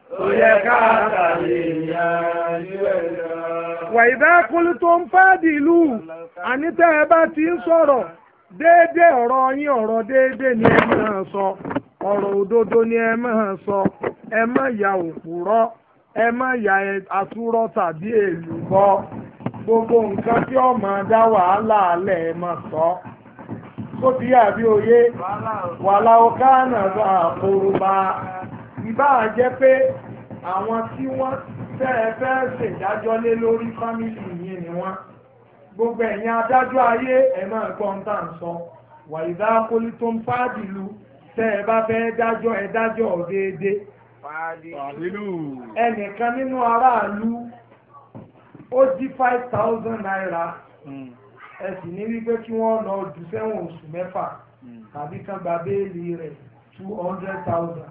wàyíbá kúlú tó ń fáàdì ìlú àní tẹ́ ẹ bá ti ń sọ̀rọ̀ déédéé ọ̀rọ̀ yín ọ̀rọ̀ déédéé ni ẹ máa sọ ọ̀rọ̀ òdodo ni ẹ máa sọ ẹ má ya òpùrọ́ ẹ má ya àtúrọ́ tàbí èlùbọ́ gbogbo nǹkan tí ó máa dá wàhálà alẹ́ ẹ máa sọ ó ti yà bí òye wàhálà ọ̀ká bá a kóru bá a. ìbá jẹ́ pé àwọn tí wọ́n fẹ́ẹ́ fẹ́ẹ́ ṣèdájọ́ lé lórí fámìlì yìí ni wọ́n gbogbo ẹ̀yin adájọ́ ayé ẹ̀ máa gbọ́n tá à ń sọ wàyídá kólí tó ń fàdìlú tẹ́ ẹ bá fẹ́ dájọ́ ẹ dájọ́ déédéé ẹnìkan nínú aráàlú ó jí five thousand naira hmm. ẹ sì ní wípé kí wọ́n lọ jù sẹ́wọ̀n oṣù mẹ́fà hmm. tàbí kan gba béèlì rẹ̀ two hundred thousand.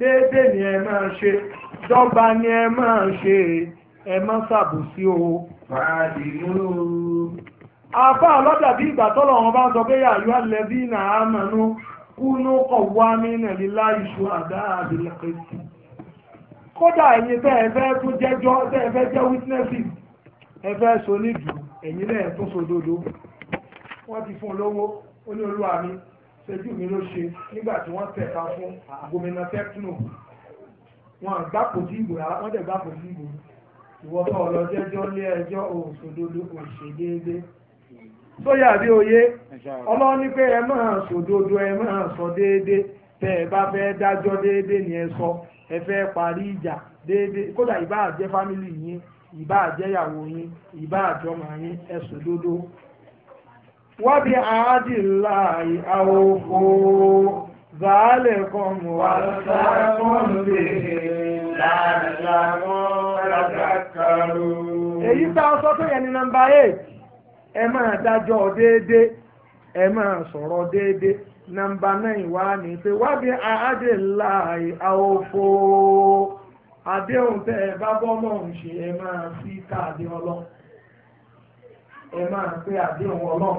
déédéé ni ẹ máa ṣe dọ́gba ni ẹ máa ṣe ẹ má ṣàbòsí o. àfa lọ́jà bí ìgbà tọ́lọ̀ wọn bá sọ pé yàrá lẹ́bí náà á mọ̀nú kúnú ọ̀wá mi nàìjíríà iṣu àdá àbílẹ̀kẹ́sì. kódà ẹ̀yin tẹ́ ẹ fẹ́ tún jẹ́jọ́ tẹ́ ẹ fẹ́ jẹ́ wítínẹ́sì ẹ fẹ́ so nídùú ẹ̀yin náà tún so dodo wọ́n ti fún un lówó ó ní olúwa mi ṣẹ́jú mi ló ṣe nígbà tí wọ́n tẹ̀ka fún gómìnà tẹ́kínò wọn gbàpò sí ìbò rárá wọ́n tẹ̀ gbàpò sí ìbò ìwọ tó ọlọ́jẹ́jọ́ lé ẹjọ́ òṣòdodo òṣèdéédé sóyà bí oyé ọlọ́run ní pé ẹ máa ṣòdodo ẹ máa sọ déédé tẹ ẹ bá fẹ́ dájọ́ déédé ni ẹ sọ ẹ fẹ́ parí ìjà déédé kódà ìbá àjẹ́ fámìlì yín ìbá àjẹ́yàwó yín ìbá àjọmọ̀ yín ẹ ṣòdodo wábí àádì láàyè àwòkó zàálẹ̀ kan wà sáàkùn lè láàrínláàmọ́ lágbàkàrò. èyí tá a sọ tó yẹn ní nọ́mbà eight ẹ máa dájọ́ déédéé ẹ máa sọ̀rọ̀ déédéé nọ́mbà nine wá ní pé wábí àádì àwòkó àdéhùn tẹ ẹ bá bọ́ mọ̀ ń ṣe ẹ máa fi ká àdéhùn ẹ máa pé àdéhùn ọlọ́run.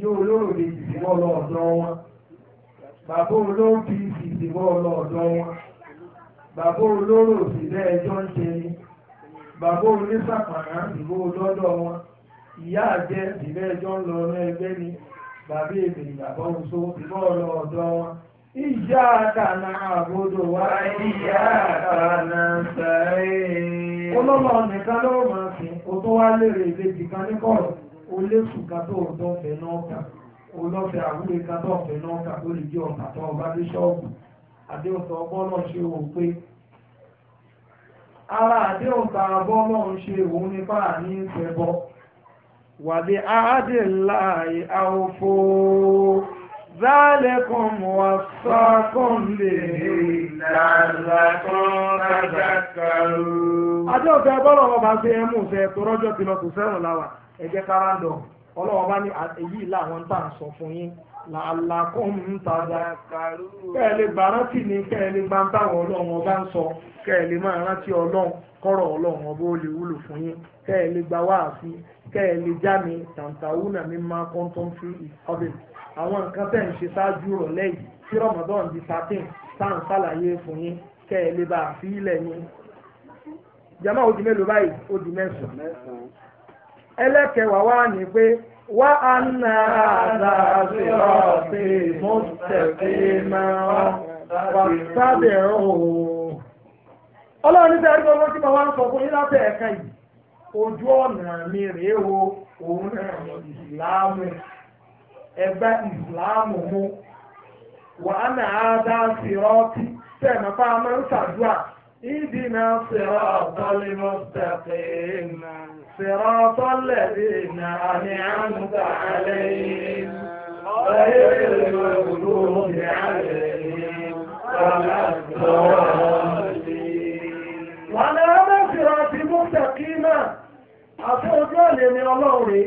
yóò olóòrè ìsìnkọ́ lọ ọ̀dọ́ wọn bàbá olóró fi ìsìnkọ́ lọ ọ̀dọ́ wọn bàbá olóró òsìlẹ̀ ẹjọ́ ń ṣe ni bàbá onísàpàrà ìbò lọ́dọ̀ wọn ìyá àjẹ́ ìbílẹ̀ ẹjọ́ ń lọ ọ̀nà ẹgbẹ́ ni bàbá èdè ìyàbọ̀ oṣù ìbọ̀ ọ̀nà ọ̀dọ̀ wọn. ìyá àkànà àbodò wa ìyá àkànà sàáyé. olómọ nìkan ló mọ̀ sí o tó wá lérè ìbejì kan ní kọ́ọ̀tù olóṣù kátó ọ̀dọ́ ọ̀fẹ́ náà kà olọ́fẹ́ àwúre kátó ọ̀fẹ́ náà kà tó lè jẹ́ ọ̀tà tó ọba dé ṣọ́ọ̀bù àdéhùnsọ bọ́ọ̀lọ̀ ṣe wò pé ara àdéhùnsọ bọ́ọ̀lọ̀ ń ṣe òun nípa àní ìfẹ́bọ wàdí áádì ńlá àwòfó zálẹ́kùn wà sọ́kùn lè lálàkùn rájàkàrú. àdéhùnsọ bọ́ọ̀lọ̀ ọba ṣe é mú ìfẹ́ tó rọ́jọ́ kìlọ̀ tó fẹ́ràn láwàá ẹ̀jẹ̀ kárándọ̀ ọlọ́wọ́ bá ní èyí làwọn tá à ń sọ fún yín làálàkùn ń tajà kẹ́ ẹ lè gbà rántí ni kẹ́ ẹ lè gbà ń táwọn ọlọ́run ọba ń sọ kẹ́ ẹ lè máa rántí ọlọ́run kọ́rọ̀ ọlọ́run ọba ó lè wúlò fún yín kẹ́ ẹ lè gbà wáàsí kẹ́ ẹ lè já mi tàǹtàwùnà mi fi ìkọ́bẹ̀ àwọn nǹkan tẹ̀ ń ṣe ṣáájú rọ̀ lẹ́yìn tí rọmọdọ́n di thirteen tá à ń ṣàlàyé fún yín kẹ́ ẹ lè bá ilẹ̀ yín. jama ó mélòó báyìí ó mẹ́sàn-án ẹlẹ́kẹ̀wàá wá ní pé wá á nà àdàbí ọ̀bí mọ́tẹ̀bí máa wà sábẹ̀ òun. ọlọ́run ní sẹ́yìn gbogbo tí mo wá ń sọ fún yín lábẹ́ ẹ̀ka yìí ojú ọ̀nà mi rèé òun náà ẹgbẹ́ mú nà á dá sírọ́ọ̀tì a máa ń ìdí náà sírọ́ọ̀tì صراط الذين أنعمت عليهم غير المغضوب عليهم ولا الضالين ولا مغفرة مستقيمة àti ojú ọ̀nà ni ọlọ́run rí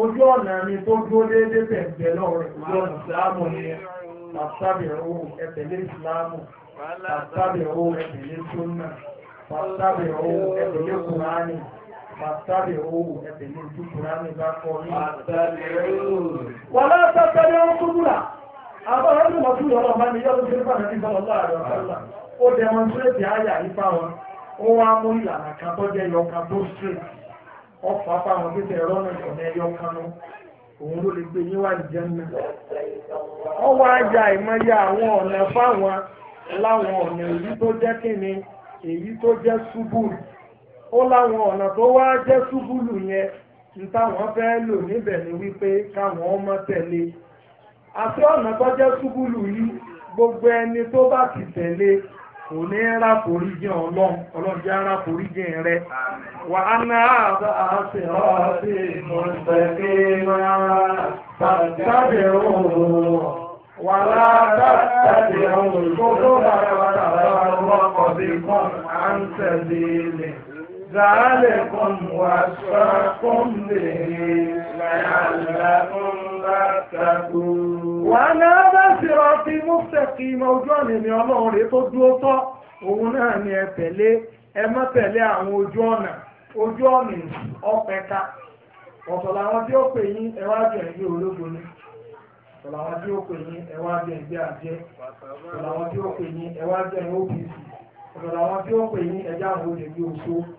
ojú ọ̀nà mi tó dúró déédé tẹ̀gbẹ́ lọ́rùn ojú ọ̀nà ìsìlámù ni pàṣàbí ẹ̀rọ ẹ̀tẹ̀lé ìsìlámù pàṣàbí ẹ̀rọ ẹ̀tẹ̀lé súnà pàṣàbí ẹ̀rọ ẹ̀tẹ̀lé kùránì Fàtàlì owó ẹ̀sẹ̀ ní ìtúkùnrin àmì bá kọ́ ní. Fàtàlì owó. Wọ́n lọ sọ́tàlì ohun kúkúrà. Àbá ọdún mọ̀ sí ìyọ́nà ọ̀bá ni yọ́nà ń pàdé sí ìbọn láàrin Ó wá mú ìlànà kan tó jẹ́ yọkan tó títẹ̀ ẹ̀rọ náà òun ló ya àwọn ọ̀nà fáwọn láwọn ọ̀nà èyí ó láwọn ọ̀nà tó wá jẹ́ ṣubúlù yẹn ní táwọn fẹ́ lò níbẹ̀ ni wípé káwọn ọmọ tẹ̀lé àti ọ̀nà tó jẹ́ ṣubúlù yìí gbogbo ẹni tó bá ti tẹ̀lé kò ní ra ara rẹ. ذلكم وصاكم به لعلكم تتقون وأنا بصراط مستقيم ojú na ni Ọlọ́run rẹ̀ tó dúró tọ́ òun náà ni ẹ tẹ̀lé ẹ má tẹ̀lé àwọn ojú ọ̀nà ojú ọ̀nà ọ̀pẹ̀ka ọ̀tọ̀ làwọn tí ó pè yín ẹ wá òkè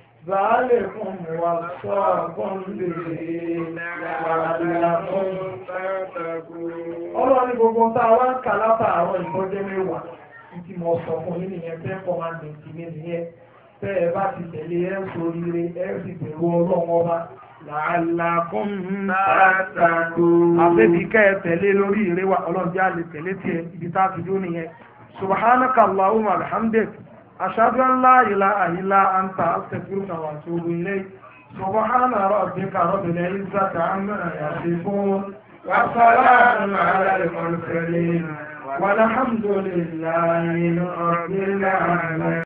ذلكم وصاكم به لعلكم تتقون ọlọ́run gbogbo tá wá ń kà látà àwọn ìbọ́jẹ́ mẹ́wàá tí mo sọ fún yín nìyẹn ten commandment mi nìyẹn bá ti tẹ̀lé ń ń sì bẹ̀rù kẹ́ ẹ tẹ̀lé lórí ìrẹ́wà ọlọ́run ashhadu an la ilaha illa anta astaghfiruka wa atubu ilayk subhana rabbika rabbil izzati amma yasifun wa salamun ala al-mursalin والحمد لله رب العالمين